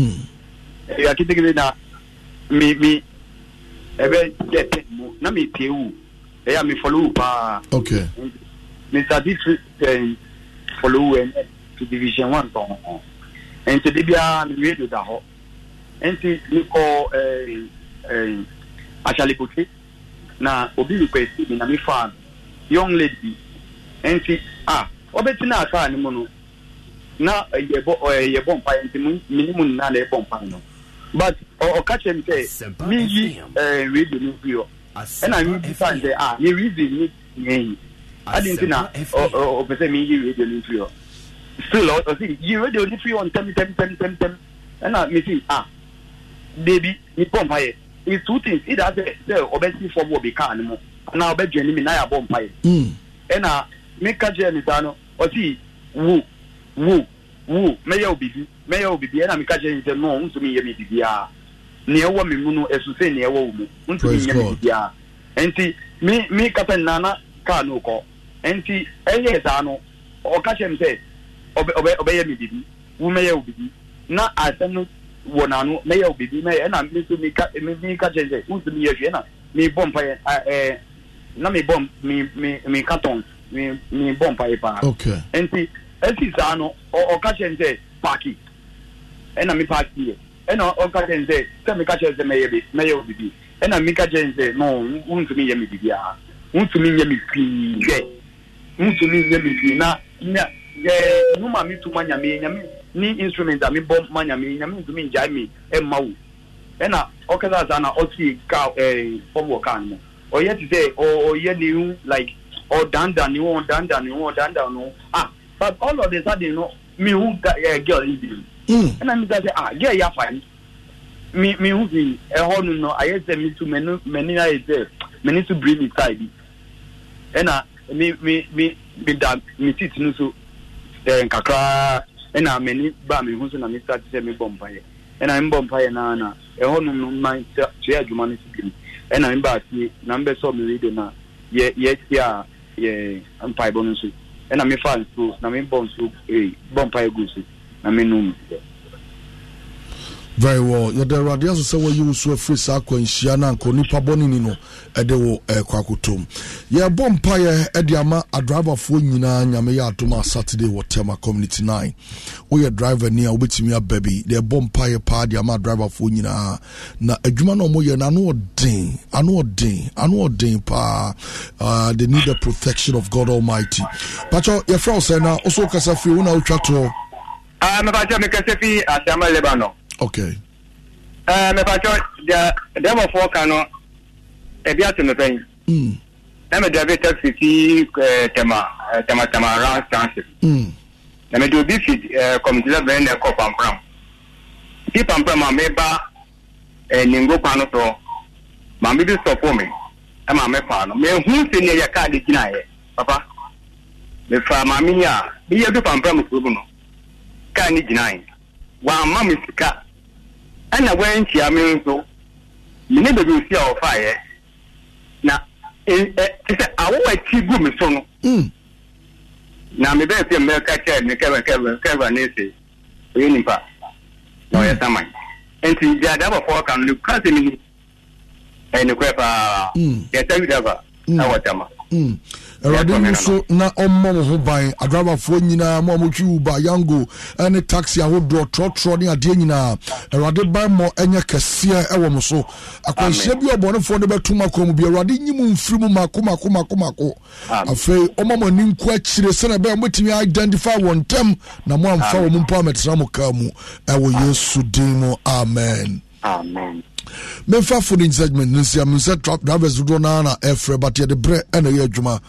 yẹ akedegedegede na mi mi ɛbɛ dɛ ten mo na mi tie wo ɛyà e mi fɔlɔ wo paa. ok mi sadi fi fɔlɔ wo ɛnɛ to division one tɔn hɔn ɛnti de bia mi wi do da eh, eh, hɔ ɛnti mi kɔ ɛɛ ɛɛ asalekote na obi request mi na mi fa young lady ɛnti a ɔbɛ ti na asa ni mu no na ɛyɛ bɔ ɛyɛ bɔ mpa yɛ nti mi ni mu nyinaa na bɔ mpa yɛ no but ɔka kyerɛ mi sɛ meyi radio no bi hɔ ɛna mebisa sɛ ah, a yɛ radio no yɛyi adi nti na ɔpɛ sɛ meyi radio no firi hɔ still ɔsi yi radio no firi hɔ ntɛmtɛmtɛmtɛm ɛna mesi a ah, beebi nipa mpa yɛ it's two things either sɛ sɛ ɔbɛsi fɔm wɔ bi kaa no mu ana ɔbɛdwa ne mi na yɛ abɔ mpa yɛ mm. ɛna meka kyerɛ ne saa no ɔsi wo wo wo mɛyɛ wo bibi mɛyɛ wo bibi ɛna meka kyerɛ ne sɛ no nso mi yɛ mi bibi aa nea ɛwɔ me mu no ɛso sɛ nea ɛwɔ wo mu ntumi nyɛ me bibiaa ɛnti me me kasa nyinaa na kaa no kɔ ɛnti ɛyɛ saa no ɔka kyerɛ me sɛ ɔbɛyɛ me bibi wo mɛyɛ wo bibi na asɛm no wɔ n'ano mɛyɛ wo bibi mɛyɛ ɛna me nso me ka me me ka kyerɛ sɛ wontumi yɛ hwɛ ɛna me bɔ mpa yɛ ɛɛ na me bɔ eh, me me me ka tɔn me me bɔ mpa yɛ paa ɛnti ɛsi saa no ɔka kyerɛ sɛ paaki ɛna me paaki yɛ ɛna ɔka kyɛn sɛ sɛ meka kyerɛ sɛ mɛyɛ bi mɛyɛ o bibi ɛna sɛ me bibi a wontumi nyɛ me hwii hwɛ mi na ɛɛ numa mi tu ma nyame nyame ni instrument a mi bɔ ma nyame nyame mi ɛma wo ɛna na ɔsi kaa ɛɛ fɔm wɔ kaa no ɔyɛ ti sɛ ɔyɛ ne ho like ɔdandan ne ho ɔdandan ne ho ɔdandan ah but all of a sudden no mi hu eh, ɛɛ girl yi e ɛna mi sɛ ah gɛɛ ya afa yi mi mi hu fi ɛhɔ nom no ayɛ sɛ mi tu mɛni mɛni ayɛ sɛ mɛni so biri mi taa bi ɛna mi mi mi mi da mi ti no so ɛɛ eh, nkakraa ɛna mɛni ba mi hu so na mi start sɛ mi bɔ mpa yɛ ɛna mi bɔ mpa yɛ naa na ɛhɔ eh, nom no man sɛ mba adwuma no so biri ɛna mi ba na mi bɛ sɔ mi na yɛ yɛ tie a yɛ mpaebɔ no so ɛna mi fa nsuo na mi bɔ nsuo ee bɔ mpa yɛ gu na me very well yɛde awurade aso sɛ wayi wo so afiri saa akwanhyia no anka onipa bɔneni no ɛde wo ɛkɔ eh, akotom yɛbɔ mpayɛ ɛde ama adriverfoɔ nyinaa nyame yɛ adom a saturday wɔ tema community 9 woyɛ driver ni a wobɛtumi aba bi de ɛbɔ mpayɛ paa de ama adriverfoɔ nyinaa na adwuma no ɔmɔyɛ no ano ɔden ano ɔden ano ɔden paa uh, they need the protection of god almighty pakyɛ yɛfrɛ wo sɛ na wo so wokasa firi wo na wotwa toɔ mɛpatsɔ mekɛsɛ fi asiama lebanon okay mɛpatsɔ ah, dɛmɔfoɔ ka no ɛbi ato me pɛn na mede bi taxi fi tɛma tɛmatɛma round transit na mede obi fi community level na ɛkɔ pampram fi pampram a meba euh, ningo kwan no so maame bi sɔfo me ɛma me kwan no mehu sɛ ne yɛ kaa de gyinaeɛ papa mefa maame yi a meyɛ bi pampram kurom no kaa ne gyinae wamma me sika ɛna wankyia me nso mene baabi osi a wɔfaeɛ na e, e, te sɛ awowakyi gu me so no mm. na mebɛɛ sɛ ni kyɛ me kɛbakɛba ne se ɔyɛ nipa na ɔyɛ mm. saman nti gyaadabɔfoɔ ka no nekura sɛ mehi ɛnokorɛ paa mm. yɛsa widaba na wɔtama Mm. awurade no so na ɔmmɔ wo ho ban adrabafoɔ nyinaa ma ɔmotwi uba yango ne taxi ahodoɔ trɔtrɔ ne adeɛ nyinaa ban bammɔ ɛnyɛ kɛseɛ ɛwɔ mo so akwanhyia bi ɔbɔnefoɔ no bɛtom akɔ mu bi awurade nyi mu mfiri mako mako mako mako afei mo ani nko akyire mobɛtumi identify na mo amfa wɔ mpo mo kaa mu ɛwɔ yesu din amen amen memfa fooding segment no nsia mensɛ drivers dodoɔ no na ɛfrɛ but yɛde berɛ ɛna ɛyɛ adwuma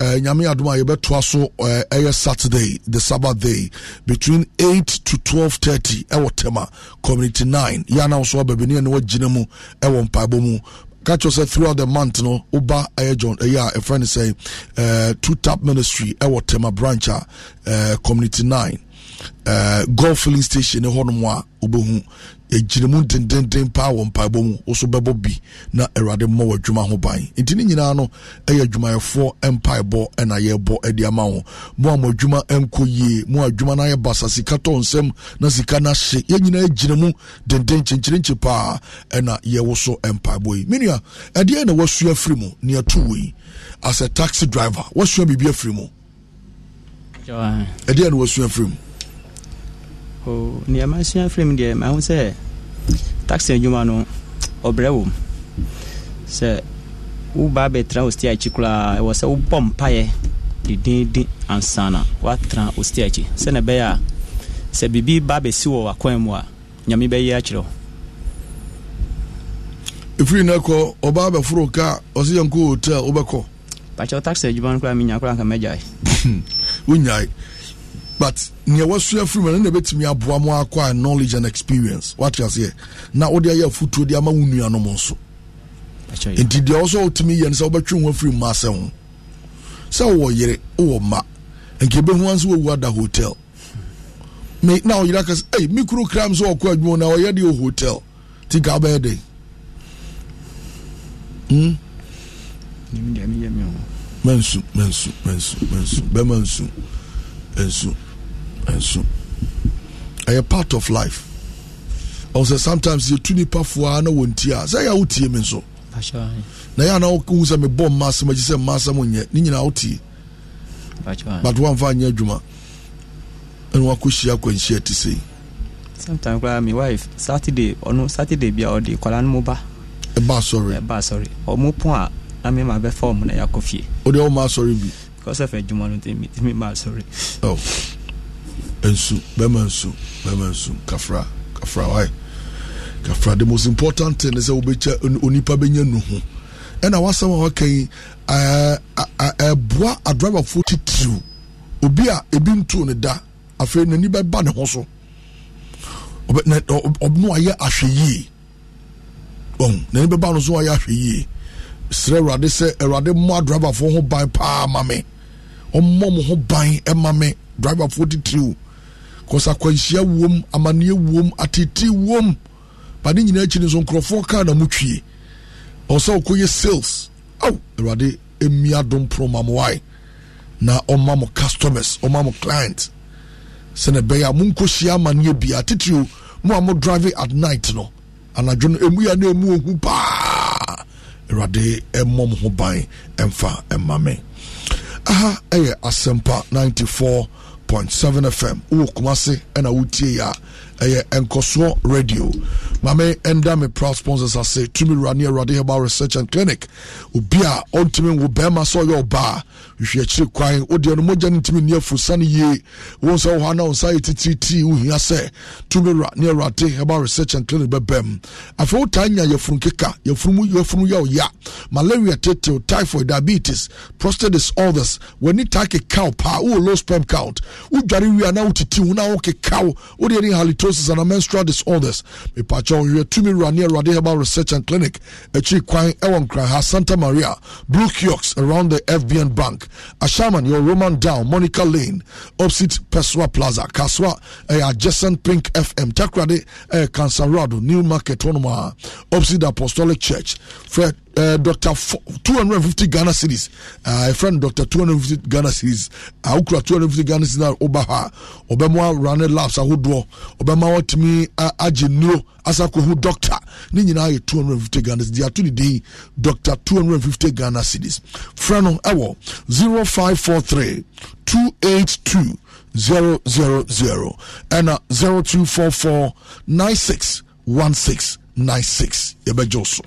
eh, nyame adom a yɛbɛtoa so ɛyɛ eh, saturday the sabbath day between 8 to 1230 ɛwɔ tema community 9 yɛana wo so ababini ɛne wagyina mu ɛwɔ mpaebɔ mu catch yourself throughout the month no uba John. yeah a friend say uh eh, two tap ministry ewo tema branch uh community 9 uh golf filling station e hono a obehu egyinamu dendenden paa wɔ mpaebɔ mu woso bɛbɔ bi na awurade mmɔ wɔ adwuma ho ban nti ne nyinaa no ɛyɛ adwumayɛfoɔ mpaebɔ ɛna yɛbɔ de ama ho mo a mo adwuma nkɔ yie mo adwuma no ayɛ basa sika tɔ nsɛm na sika no ahye yɛn nyinaa gyinamu denden kyenkyerenkye paa ɛna yɛwo so mpaebɔ yi menua ɛdeɛ na wasua firi mu ne ɛto wɔ yi as a taxi driver wasua biribi afiri mu ɛdeɛ na wasua firi mu nea masua firi mu deɛ mahu sɛ taxi adwuma no ɔbrɛ wɔ mu sɛ woba bɛtra wo stia akyi koraa ɛwɔ sɛ wobɔ mpaeɛ dendenden ansa na woatra wo stia akyi sɛne ɛbɛyɛ a sɛ biribi ba bɛsi wɔ wakwan mu a nyame bɛyɛ akyerɛ wo ɛfiri no ɛkɔ ɔbaa bɛforo ka ɔsɛ yɛnkɔ hotel wobɛkɔ pakyɛ wo taxi adwuma no koraa menya koraa nka mɛgyae wonyae but nea wasu afiri mu no na ɛbɛtumi aboa mu akɔ a knowledge and experience wate aseɛ na wode ayɛ afotuo de ama wo nuanom nso nti deɛ wo sɛ wotumi yɛ no sɛ wobɛtwe ho afiri mma sɛ ho sɛ wowɔ yere wowɔ ma nka ɛbɛhu an sɛ wɔwu ada hotel me na ɔyere aka sɛ ei me kuro kram sɛ wɔkɔ adwuma na ɔyɛ deɛ hotel nti ka wobɛyɛ dɛn hmm? mansu mansu mansu mansu bɛma nsu nsu ɛnso ɛyɛ part of life ɔwɔ sɛ sometimes yɛtu nipa foa na wɔnti a sɛ yɛ wotie me nso na yɛ ana wohu sɛ mebɔ mma asɛm akyi sɛ mma asɛm nyɛ ne nyinaa wotie but woamfa nyɛ adwuma ɛne woakɔhyia akwanhyia te sei sometimes koraa me wife saturday ɔno saturday bia ɔde kɔla no mu ba ɛba asɔre ɛba asɔre ɔmo pon a na me ma bɛfa ɔmo na yɛakɔ fie wode ɔmo asɔre bi because ɛfa adwuma no ntimi ma asɔre oh nsu bɛma nsu bɛma nsu kafra kafra wae kafra the most important thing sɛ wobɛkya onipa bɛnya nu ho ɛna wasɛm a waka yi ɛboa adriverfoɔ titiriw obi a ebi ntuo ne da afei n'ani bɛba ne ho so ɔno ayɛ ahwɛ yie ɔn oh, n'ani bɛba no so ayɛ ahwɛ yie srɛ awurade sɛ awurade mmɔ adriverfoɔ ho ban paa ma me ɔmmɔ mo ho ban ɛma me driverfoɔ titiriw kɔsa akwanhyia wom amanneɛ wom atete wom ba ne nyinaa akyi no nso nkurɔfoɔ kaa na motwie ɔsɛ wokɔyɛ sales ao awurade ɛmi adom pro ma na ɔma mo customers ɔma mo client sɛne ɛbɛyɛ a monkɔhyia amanneɛ bia titiri mo a mo drive at night no anadwo no ɛmu yɛ na ɛmu ɔhu paa awurade ɛmmɔ mo ho ban ɛmfa ɛma me aha ɛyɛ asɛmpa 94 point seven fm wowɔ kuma ena ɛna wotie ɛyɛ nkɔsoɔ radio maame ɛnda me proud sponsors ase tumi wura ne awurade research and clinic obi a ɔntumi nwo bɛrima sɛ ɔyɛ ɔbaa hwehwɛ akyiri kwan wodeɛ no mogya no ntumi nni afusa no yie wo sɛ wo ha na wo nsa yɛ titiritii wohia sɛ tumi wura ne awurade research and clinic bɛbɛm afei wotaa nya yɛfunu keka yɛfunu ya. yɛ ɔya malaria tetew typhoid diabetes prostate disorders w'ani taa kekaw paa wowɔ low sperm count wodware wie a na wotiti wo na wokekaw wodeɛ ne halito endometriosis and menstrual disorders mepatwa ɔhwɛ tumi wura ne awurade herbal research and clinic akyiri kwan ɛwɔ nkraha santa maria blue Kiosks around the fbn bank ashaman your roman down monica lane opposite pessoa plaza kaswa a adjacent pink fm takrade a cancerado new market hɔnom a opposite apostolic church fred uh, hundred and fifty Ghana series. Uh, a friend and fifty Ghana cities. series. Uh, eh, and fifty Ghana series na Obaha. Obemwa Rane Labs ahodoɔ. Obema watimi uh, agye nuro asakohu doctor. two hundred and fifty Ghana cities. series. day, doctor, two hundred and fifty Ghana cities. Friend zero zero zero zero five four three two two eight no ɛwɔ 0543 four 000 ɛna 0244 96 16 96 yɛbɛgye so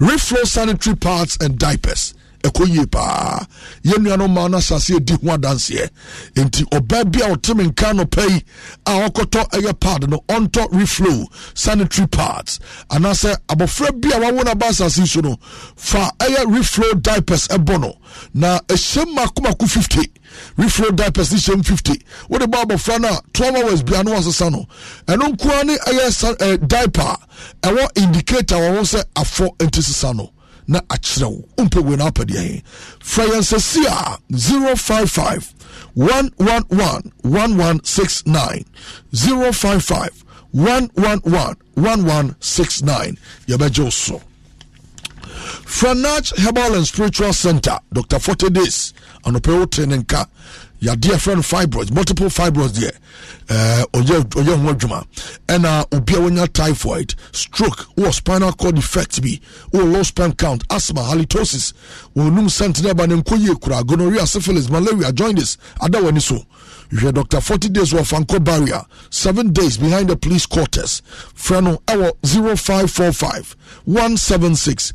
reflow sanitary pads and diapers. ɛkɔ yie paa yɛn nua no maa no asase edi ho adanseɛ nti ɔbaa bi a ɔte me nka no pɛ yi a ɔkɔtɔ ɛyɛ pad no ɔntɔ reflow sanitary pads anaasɛ abɔfra bi a wawo na ba asase so no fa ɛyɛ reflow diapers ɛbɔ no na ɛhyɛ mu makomako 50 reflow diapers ne hyɛ mu 50 wode bɔ abɔfra no a 12 hours bia no wasesa no ɛno nkoa ne ɛyɛ diaper ɛwɔ indicator wɔwɔ sɛ afɔ nti sesa no na akyerɛ wo wompɛ wei na wopɛdeɛ he fra yɛn sɛ si a 055 111 1169 055 111 1169 yɛbɛgye wo so Franach Herbal and Spiritual Center, Dr. Forte Days, anɔpɛ wote ne yadeɛ frɛ no fibroids multiple fibroids deɛ uh, ɔyɛ ɔyɛ ho adwuma ɛna obi a wɔnya typhoid stroke wɔ spinal cord effect bi wɔ low sperm count asthma halitosis wɔnum sentinel ba ne nkɔ yie kura gonorrhea syphilis malaria jaundice ada wɔ ani so hwɛ dr 40 days wɔ fanko barrier 7 days behind the police quarters frɛ no ɛwɔ 0545 176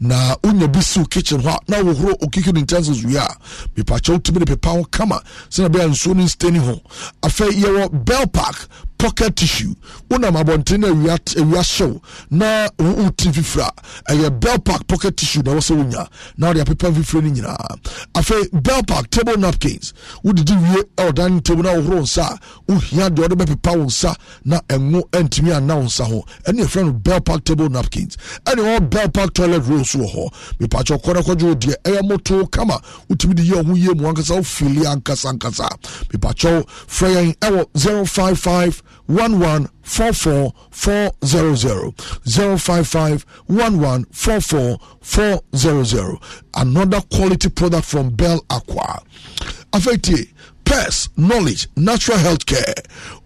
na wonya bi siw kitchen hɔ na wohoro okiki no utensils wie a mepakyɛ wotumi de pepa ho kama sɛna bɛa nsuo no nstani ho afei yɛwɔ bell park pocket tissue wonam na no awia hyew na wote fifira ɛyɛ bell park pocket tissue na ɛwɔ sɛ wonya na wode apepa fifire no nyinaa afei bell park table napkins wodedi wie ɛwɔ e, dan table na wohoro nsa a wohia deɛ wode bɛpepa wo nsa na ɛngo antumi anna wo nsa ho ɛne yɛfrɛ no bell park table napkins ɛne wɔ bell park toilet roll so wɔ hɔ mepakyɛ kɔ no kɔgye e. deɛ ɛyɛ moto kama wotumi de yɛ wo ho yie mu ankasa wofili ankasa ankasa mepakyɛw frɛ yɛn ɛwɔ 055 one one four four four zero zero zero five five one one four four four zero zero another quality product from Bell Aqua. Afetie. spares knowledge natural health care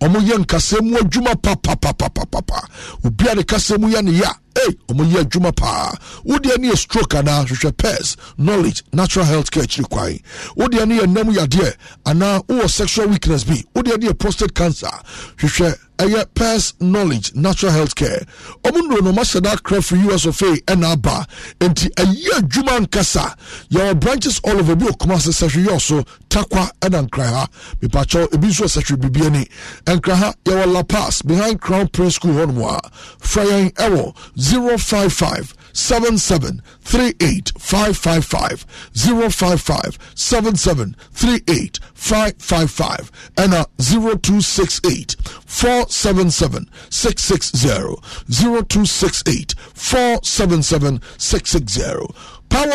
ɔmo yɛ nkasɛmu adwuma papapapapapa obia ne kasɛmu yɛ ne ya ei ɔmo yɛ adwuma paa wodeɛ ne yɛ stroke anaa hwehwɛ pairs knowledge natural health care akyiri kwan wodeɛ ne yɛ nam yadeɛ anaa wowɔ sexual weakness bi wodeɛ ne yɛ prostate cancer hwehwɛ ɛyɛ pers knowledge natural health care ɔmo nnuro no ɔmahyɛ da akra firi us of a ɛna aba nti ɛyɛ adwuma nkasa yɛwɔ branches all over bi okuma sɛ sɛhwe yɛ so takwa ɛna nkraha mipakyɛw ebi nso sɛhwe biribi ani nkraha yɛwɔ la pass behind crown prince school hɔnom a fra yɛn ɛwɔ zero five five 77 38 555 055 77 38 555 and uh, 0268 477 660 0268 477 660 power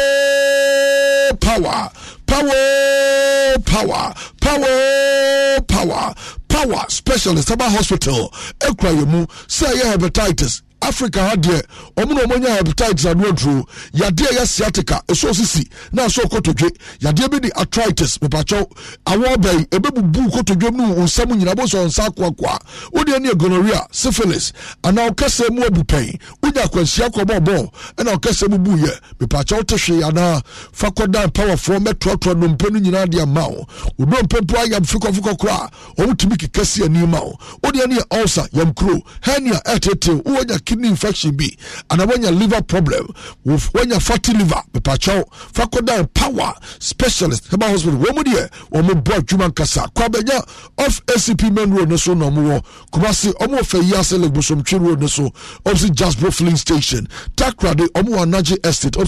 power power power power power power specialist about hospital ekwayemu say hepatitis africa ha deɛ ɔmo na ɔmo nya hepatitis ano aduro yadeɛ yɛ sciatica ɛso sisi na ɛso kotodwe yadeɛ bi ne arthritis mipakyɛw awɔ bɛyi ebebubu kotodwe mu wɔn nsam nyinaa bɔ sɔ nsa akoakoa wodeɛ ne gonorrhea syphilis ana ɔkasa mu abu pɛn wonya akwanhyia kɔmɔbɔ ɛna ɔkasa mu bu yɛ mipakyɛw te hwee anaa fakɔda mpawafoɔ mɛtoatoa nnompe no nyinaa de ama wo odo mpempo ayam fikɔfikɔ koraa ɔmo tumi keka si anim ma wo wodeɛ ne yɛ ulcer yam kuro hernia ɛtetew kidney infection bi anaa wanya liver problem wanya fatty liver mepakyɛw fa kɔda power specialist heba hospital wɔn mu deɛ wɔn mu bɔ adwuma nkasa kɔ abɛnya off acp main road ne so na Omu wɔ kumasi wɔn wɔ fɛ yi ase lake road ne so wɔn si jasper filling station Takra de wɔ anagye estate wɔn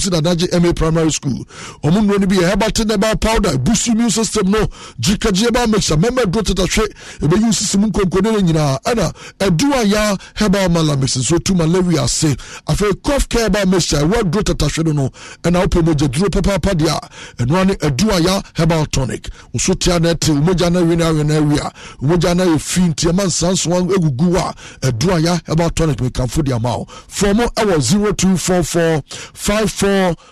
si ma primary school Omu nnuro bi yɛ heba te ba powder boost immune system no jika ba mixer mɛmɛ duro tetahwe ebeyi sisi mu nkonko ne nyinaa ɛna aduwa ya heba malamix So to malaria se afei cough care ba mɛhyia wɔduro tatahwɛ no no ɛna drop mogya padia and one a ɛnoa ya herbal tonic woso tia no ɛte womogya wina wina no awe no awe a womogya no ayɛ fi nti ɛma nsansoa agugu a aduaya herbal tonic mekamfo de ama wo frɛ mo ɛwɔ 0244 and a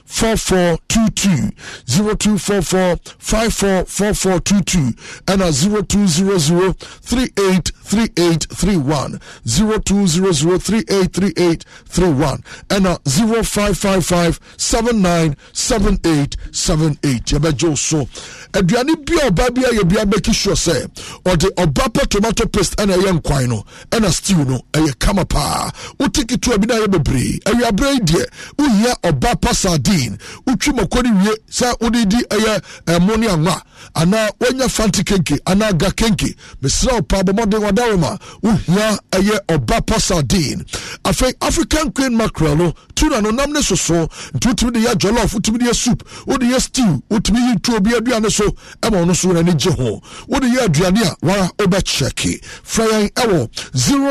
544422 0200 383831 0200 Three eight 0555 797878 yɛbɛgye so aduane bi a ɔbaa bi ayɛ bia bɛki sure sɛ ɔde ɔba pɛ tomato paste ɛna ɛyɛ nkwan no ɛna stew no ɛyɛ kama paa wote ketewa bi no ayɛ bebree awiaberɛ yi deɛ wohia ɔba pa sardine wotwi mako no wie sɛ wode di ɛyɛ ɛmo ne anwa anaa woanya fante kenke anaa ga kenke mesrɛ wo paa bɔmmɔden wɔda wo ma wohia ɛyɛ ɔba pa sardine afei african queen mackerel no tuna no nam ne soso nti wotumi de yɛ jollof wotumi de yɛ soup wode yɛ stew wotumi yi tuo bi aduane so ɛma ɔno so n'ani gye ho wode yɛ aduane a wara wobɛkyɛke frɛ yɛn ɛwɔ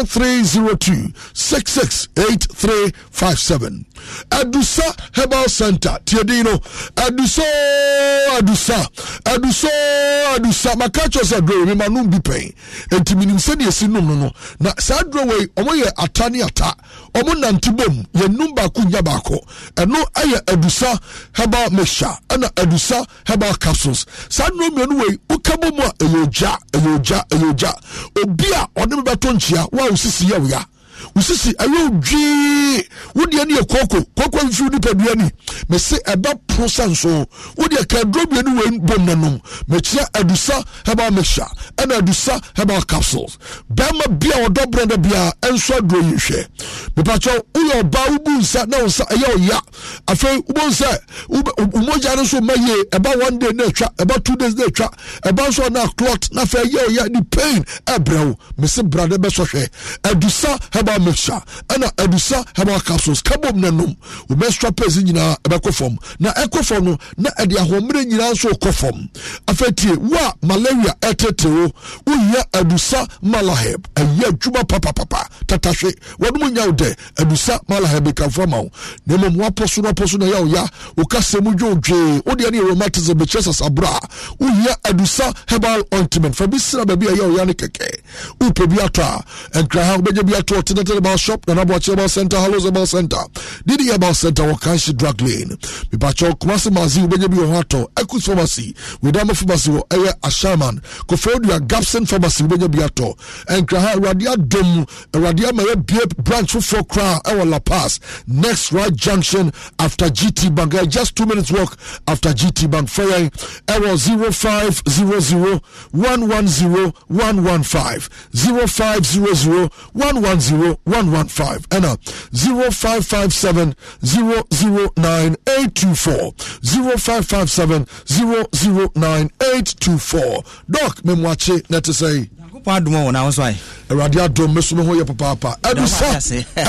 0302 668357 adusa herbal center tiɛdin no Adusa adusa aduso adusa maka kyerɛ sɛ adurɛ wei mema nom bi pɛn enti menim sɛdeɛ si nom no no na saa adurɛ wei ɔmo yɛ ata ne ata ɔmo nante bom yɛnum baako nya baako ɛno ɛyɛ adusa herbal mixture ɛna adusa herbal capsules saa nnuro mmienu wei woka bom a ɛyɛ ogya ɛyɛ ogya ɛyɛ ogya obi a ɔne me bɛto nkyea wo a wosisi yɛ wosisi ɛyɛ dwee wodeɛ no yɛ koko koko mfiw nipadua ni mese ɛba pro sɛ nso wodeɛ kaduro mmienu wei bom no nom mekyerɛ adusa herbal mixture ɛna adusa herbal capsules bɛrima bi a ɔdɔ berɛ no biara ɛnso aduro yi hwɛ mepakyɛ woyɛ ɔbaa wobu nsa na wo nsa ɛyɛ ɔya afei wobɛhu sɛ womogya no nso ma yie ɛba one day na atwa ɛba two days na atwa ɛba nso ɔna clot na afei ɛyɛ ɔya ne pain ɛbrɛ eh, wo mese brade bɛsɔhwɛ adusa herbal mixture ɛna adusa herbal capsules kabom na nom wo menstrual pains nyinaa ɛbɛkɔ fam na ɛkɔ fam no na ɛde ahoɔmmerɛ nyinaa nso kɔ fam afei tie wo a malaria ɛtete wo wohia adusa malaheb ɛyɛ adwuma papapapa tatahwe wɔnom nya wo dɛ adusa malaheb kamfo ma wo na mmom woapɔ so no apɔ so na ɛyɛ wo ya wo kasɛ mu dwodwee wodeɛ ne yɛ romatism bɛkyerɛ sasaberɛ a wohia herbal ointment fa bi sra baabi a ɛyɛ wo ya ne kɛkɛ wopɛ bi atɔ a ɛnkraha wobɛnya bi atɔ ɔtenatena about shop na naboakye center halos about center didi about center wɔ drug lane mepakyɛ kumase mazi wobɛnya bi wɔ pharmacy wedama pharmacy wɔ ashaman kofodua gapson pharmacy wobɛnya bi atɔ ɛnkraha awurade adom awurade ama yɛbie branch foforɔ koraa ɛwɔ la pass next right junction after gt bank just two minutes walk after gt bank fɛ yɛn 0500 110 115 0500 110 One one 115 and zero nine eight two four doc memwache net to say wadom wɔ na woso awurade adom me so me ho yɛ papaapa adusa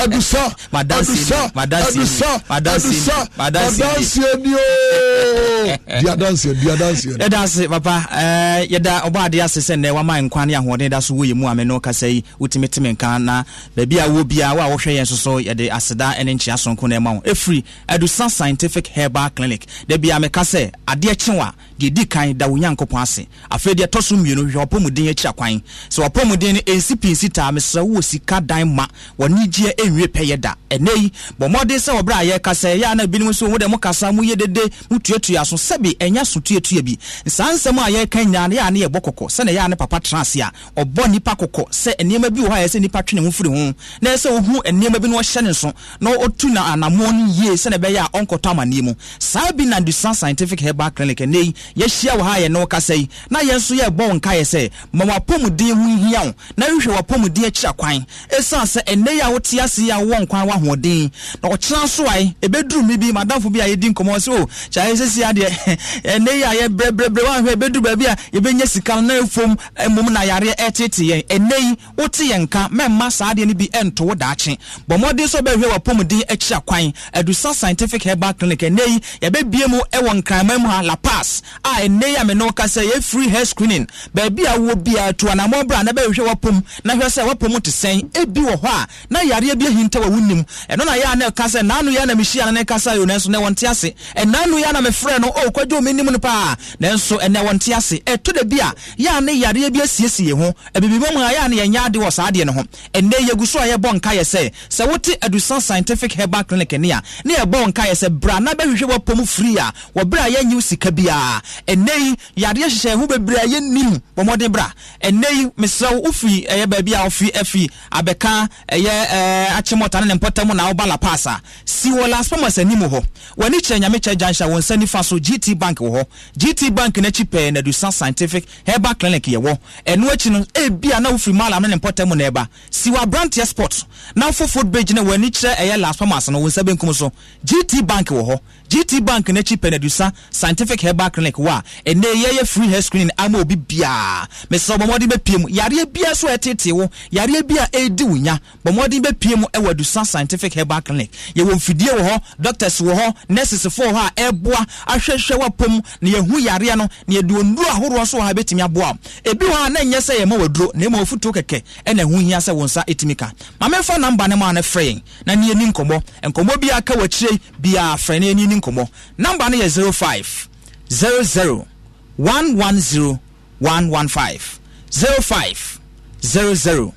adusa adusa adusa adusa adanseɛ ni o di adanseɛ di adanseɛ ni. Oh! yɛda ase papa eh, yɛda ɔbɔ ade ase sɛ nnɛ wama nkwa ne ahoɔden da so woyɛ mu a me no kasa yi wotumi teme nka na baabi a wo bia wo a wohwɛ yɛn soso yɛde aseda ne nkyea sonko na ɛma wo ɛfiri adusa scientific herbal clinic da bia meka sɛ adeɛ kyew a deɛ di kan da wo nyankopɔn ase afei deɛ ɛtɔ so mmienu hwɛ ɔpɔmuden akyira kwan sɛ ɔpɔmuden no ɛnsi pinsi taa mesrɛ wowɔ sika dan ma wɔne gyeɛ ɛnwie pɛyɛ da ɛnɛ yi bɔ mmɔden sɛ wɔberɛ a yɛkasa ɛyɛ a na binom nso wodɛ mo kasa moyɛ dede motuatua so sɛbe ɛnyɛ so tuatua bi saa nsɛm a yɛka nyinaa no yɛ a ne yɛbɔ kɔkɔ sɛne ɛyɛ ne papa tena ase a ɔbɔ nipa kɔkɔ sɛ nneɛma bi wɔ hɔ a ɛsɛ nipa twene ho firi ho na ɛsɛ ohu nneɛma bi na ɔhyɛ ne so na ɔtu na anammɔn no yie sɛne ɛbɛyɛ a ɔnkɔtɔ amanneɛ mu saa bi na dusan scientific herbal clinic ɛnɛ yi yɛhyia wɔ ha yɛ ne kasa yi na yɛn nso yɛbɔ wo nkaeɛ sɛ ma wapɔmuden ho nhia wo na wohwɛ wapɔmuden akyira kwan ɛsiane sɛ ɛnnɛ yi a wote ase yi a wowɔ nkwan wɔ ahoɔden na ɔkyena so ae ɛbɛduru me bi madamfo bi a yɛdi nkɔmmɔ sɛ o oh, kyaeɛ sɛsi adeɛ ɛnnɛ yi a yɛbrɛbrɛbrɛ woahwɛ ɛbɛduru baabi a yɛbɛnya sika no na ɛfom mmom na yareɛ ɛtete yɛn ɛnnɛ yi wote yɛn nka mɛmma saa adeɛ no bi ɛnto wo daakye bɔ mmɔden nso bɛhwɛ wapɔmuden akyira kwan adusa scientific herbal clinic ɛnnɛ yi yɛbɛbie mu ɛwɔ nkraman mu ha lapas a ɛnɛ yɛ mɛnɔ kasa yɛ free hair screening baabi a wo bia to anamɔ bra na bɛhwehwɛ wɔpom na sɛ wɔpom te sɛn ebi wɔ hɔ a na yareɛ bi ahinta wɔ wonim ɛno na yɛ a na ɛka sɛ naanu yɛ na mehyia na ne kasa yɛ nanso na wɔnte ase ɛnaanu yɛ na mefrɛ no o oh, kwadwo mi nim no paa nanso ɛnɛ wɔnte ase ɛto da bi a yɛ a ne yareɛ bi asiesie ho abibimɔ mu a yɛ a ne yɛnyɛ ade wɔ saa adeɛ no ho ɛnɛ yɛgu so a yɛbɔ nka yɛ sɛ sɛ wote adusan scientific herbal clinic ne a ne yɛbɔ nka yɛ sɛ bra na bɛhwehwɛ wɔpom free a wɔbrɛ a yɛnyiw sika biara ɛnɛ yi yadeɛ hyehyɛ ho bebree a yɛnim bɔ mmɔden bra ɛnɛ yi mesrɛ wo wofiri ɛyɛ baabi a wofi afi abɛka ɛyɛ ɛɛ akyemɔta ne ne mpɔtam na woba lapas a si wɔ las palmas anim hɔ w'ani kyerɛ nyame kyerɛ gyanhyɛ wɔn nsa nifa so gt bank wɔ hɔ gt bank n'akyi pɛɛ nadusa scientific herbal clinic yɛwɔ ɛno akyi no ebi a na wofiri malam ne ne mpɔtam na ɛba si wɔ aberanteɛ sport na foforɔ bɛgyina na w'ani kyerɛ ɛyɛ las palmas no wɔn nsa benkum so gt bank wɔ hɔ gt bank n'akyi pɛɛ nadusa scientific herbal clinic wa ɛnɛ yɛyɛ free hair screening ama obi biara mesɛ bɔmmɔden bɛpie mu yareɛ biara so ɛtetee wo yareɛ bi a ɛredi wo nya bɔmmɔden bɛpie mu ɛwɔ adusa scientific herbal clinic yɛwɔ mfidie wɔ hɔ doctors wɔ hɔ nurses foɔ hɔ a ɛreboa ahwɛhwɛ wapom na yɛhu yareɛ no na yɛde onuru ahoroɔ so wɔ ha bɛtumi aboa ebi wɔ ha na nyɛ sɛ yɛma waduro na ɛma ofutuo kɛkɛ ɛna ɛho hia sɛ wo nsa ɛtumi ka mamefa namba no ma no frɛ yɛn na ne yɛni nkɔmmɔ nkɔmmɔ bi aka wakyire biara frɛ na yɛni ni nkɔmmɔ namba no yɛ 05 zero zero one one zero one one five zero five zero zero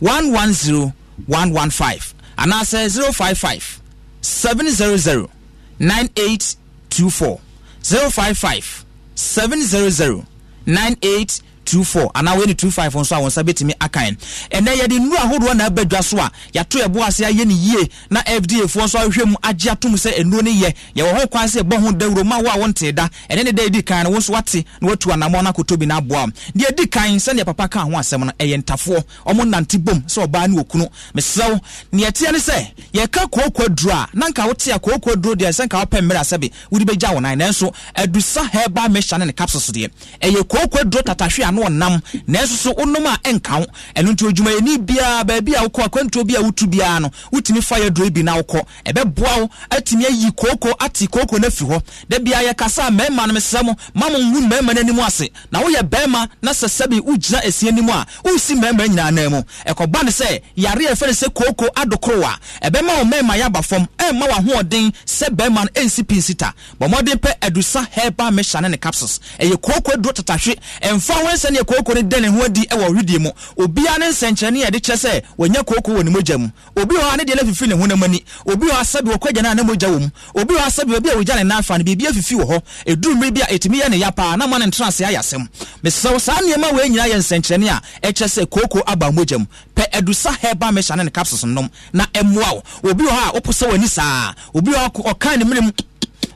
one one zero one one five and answer zero five five seven zero zero nine eight two four zero five five seven zero zero nine eight two four anaa wɔyɛ no two five nso a wɔn nsa bɛtumi akan ɛnɛ yɛde nnuro ahodoɔ na abɛdwa so a yɛato ɛbo ase ayɛ no yie na fda foɔ nso ahwehwɛ mu agye atom sɛ nnuro no yɛ yɛwɔ ho kwan sɛ ɛbɔ ho dawuro ma wo a wɔntee da ɛne ne da ɛdi kan no wo nso wate na watu anammɔ no akɔtɔ bi no aboa deɛ ɛdi kan sɛneɛ papa ka ho asɛm no ɛyɛ ntafoɔ ɔmo nante bom sɛ ɔbaa ne wɔkunu mesrɛ wo neɛ teɛ ne sɛ yɛka kookwa duro a na nka wote a kookwa duro deɛ sɛ nka wopɛ mmerɛ a sɛbe wode bɛgya wo nan nanso adusa hɛba mehya ne ne capsules deɛ ɛyɛ kookwa tatahwe a ano ɔnam nanso so wonom a ɛnka wo ɛno nti odwumayɛni biara baabi a wokɔ akwantuo bi a wotu biara no wotumi fa yɛduro bi na wokɔ ɛbɛboa wo atumi ayi kooko ate kooko no afiri hɔ da biara yɛkasa a mmarima no mesrɛ mo ma mo nwu mmarima no anim ase na woyɛ barima na sɛ sɛbe wogyina asie anim a woresi mmarima nyinaa nan mu ɛkɔba ne sɛ yare a ɛfɛ no sɛ kooko adokoro a ɛbɛma wo mmarima yɛ fam ɛmma wahoɔden sɛ barima no ɛnsi pinsita bɔ mmɔden pɛ adusa herbal mehya ne ne capsules ɛyɛ kooko aduro tatahwe ɛmfa ho sɛdeɛ kooko no dɛ ne ho adi wɔ wedie mu obiara ne nsɛnkyerɛnne yɛde kyerɛ sɛ wɔanya kooko wɔ ne mogya mu obi wɔ a ne deɛ no afifiri ne ho nam ani obi wɔ asɛ bi wɔkwagya no a ne mogya wɔ mu obi wɔ asɛ baabi a wɔgya ne nafa no biribi afifi wɔ hɔ ɛduru mmere bi a ɛtumi yɛ ne ya paa na ma ne ntena ase ayɛ asɛm mesrɛ wo saa nneɛma wei nyinaa yɛ nsɛnkyerɛnne a ɛkyerɛ sɛ kooko aba mogya mu pɛ adusa hɛba mehyɛ ne ne capsules nom na ɛmmoa wo obi wɔ hɔ a wopɔ sɛ w'ani saa obi wɔ ɔkaa ne mmerɛ mu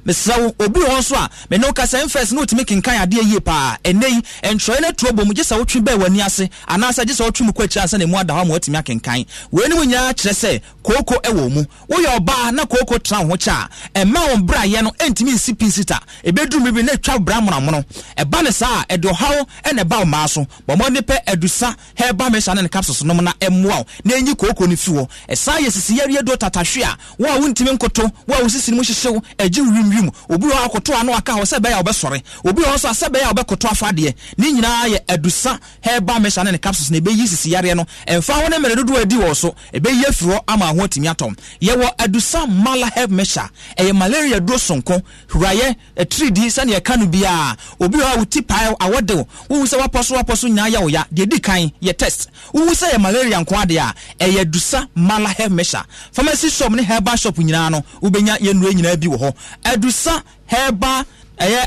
mesrɛ wo obi wɔ hɔ so a mene wo kasa mfɛs na wotumi kenkan adeɛ yie paa ɛnɛ yi ɛntwerɛe no turo bɔ mu gye sɛ wotwe bɛɛ w'ani ase anaasɛ gye sɛ wotwe mu kɔ akyirɛ sɛ na mu ada hɔ ma woatumi akenkan wei no mu nyinaa kyerɛ sɛ kooko ɛwɔ mu woyɛ ɔbaa na kooko tena wo ho kyɛ a ɛma wo brayɛ no ɛntumi nsi pinsita ɛbɛduru biribi na atwa bra mmonamono ɛba ne saa a ɛde ɔhaw ɛna ba wo maa so bɔmmɔ ne pɛ adusa hɛba mɛhyɛ ne ne capsules nom na ɛmmoa wo na ɛnyi kooko no fi hɔ ɛsaa yɛ sisiyɛreɛ do tatahwe a wo a wontumi nkoto wo a wo sisi no mu hyehyew agye wo wim obi wɔ akoto ano aka hɔ sɛ bɛyɛ a wɔbɛsɔre obi wɔ hɔ nso a sɛ bɛyɛ a wɔbɛkoto afa ne nyinaa yɛ adusa herbal mixture ne ne capsules na ebɛyi sisi yareɛ no ɛnfa ho ne mmerɛ dodoɔ edi wɔ so ebɛyi afiri hɔ ama ahoɔ tumi atɔm yɛwɔ adusa mala herb mixture ɛyɛ malaria duro sonko hurayɛ ɛtiridi sɛnea ɛka no bia obi wɔ hɔ a wɔti paa awɔdew wohu sɛ wapɔ so wapɔ so nyinaa yɛ wɔya deɛ di kan yɛ test wohu sɛ yɛ malaria nko adeɛ a ɛyɛ adusa mala herb mixture pharmacy shop ne herbal shop nyinaa no wobɛnya yɛnnuro nyinaa bi wɔ hɔ adusa herbal ɛyɛ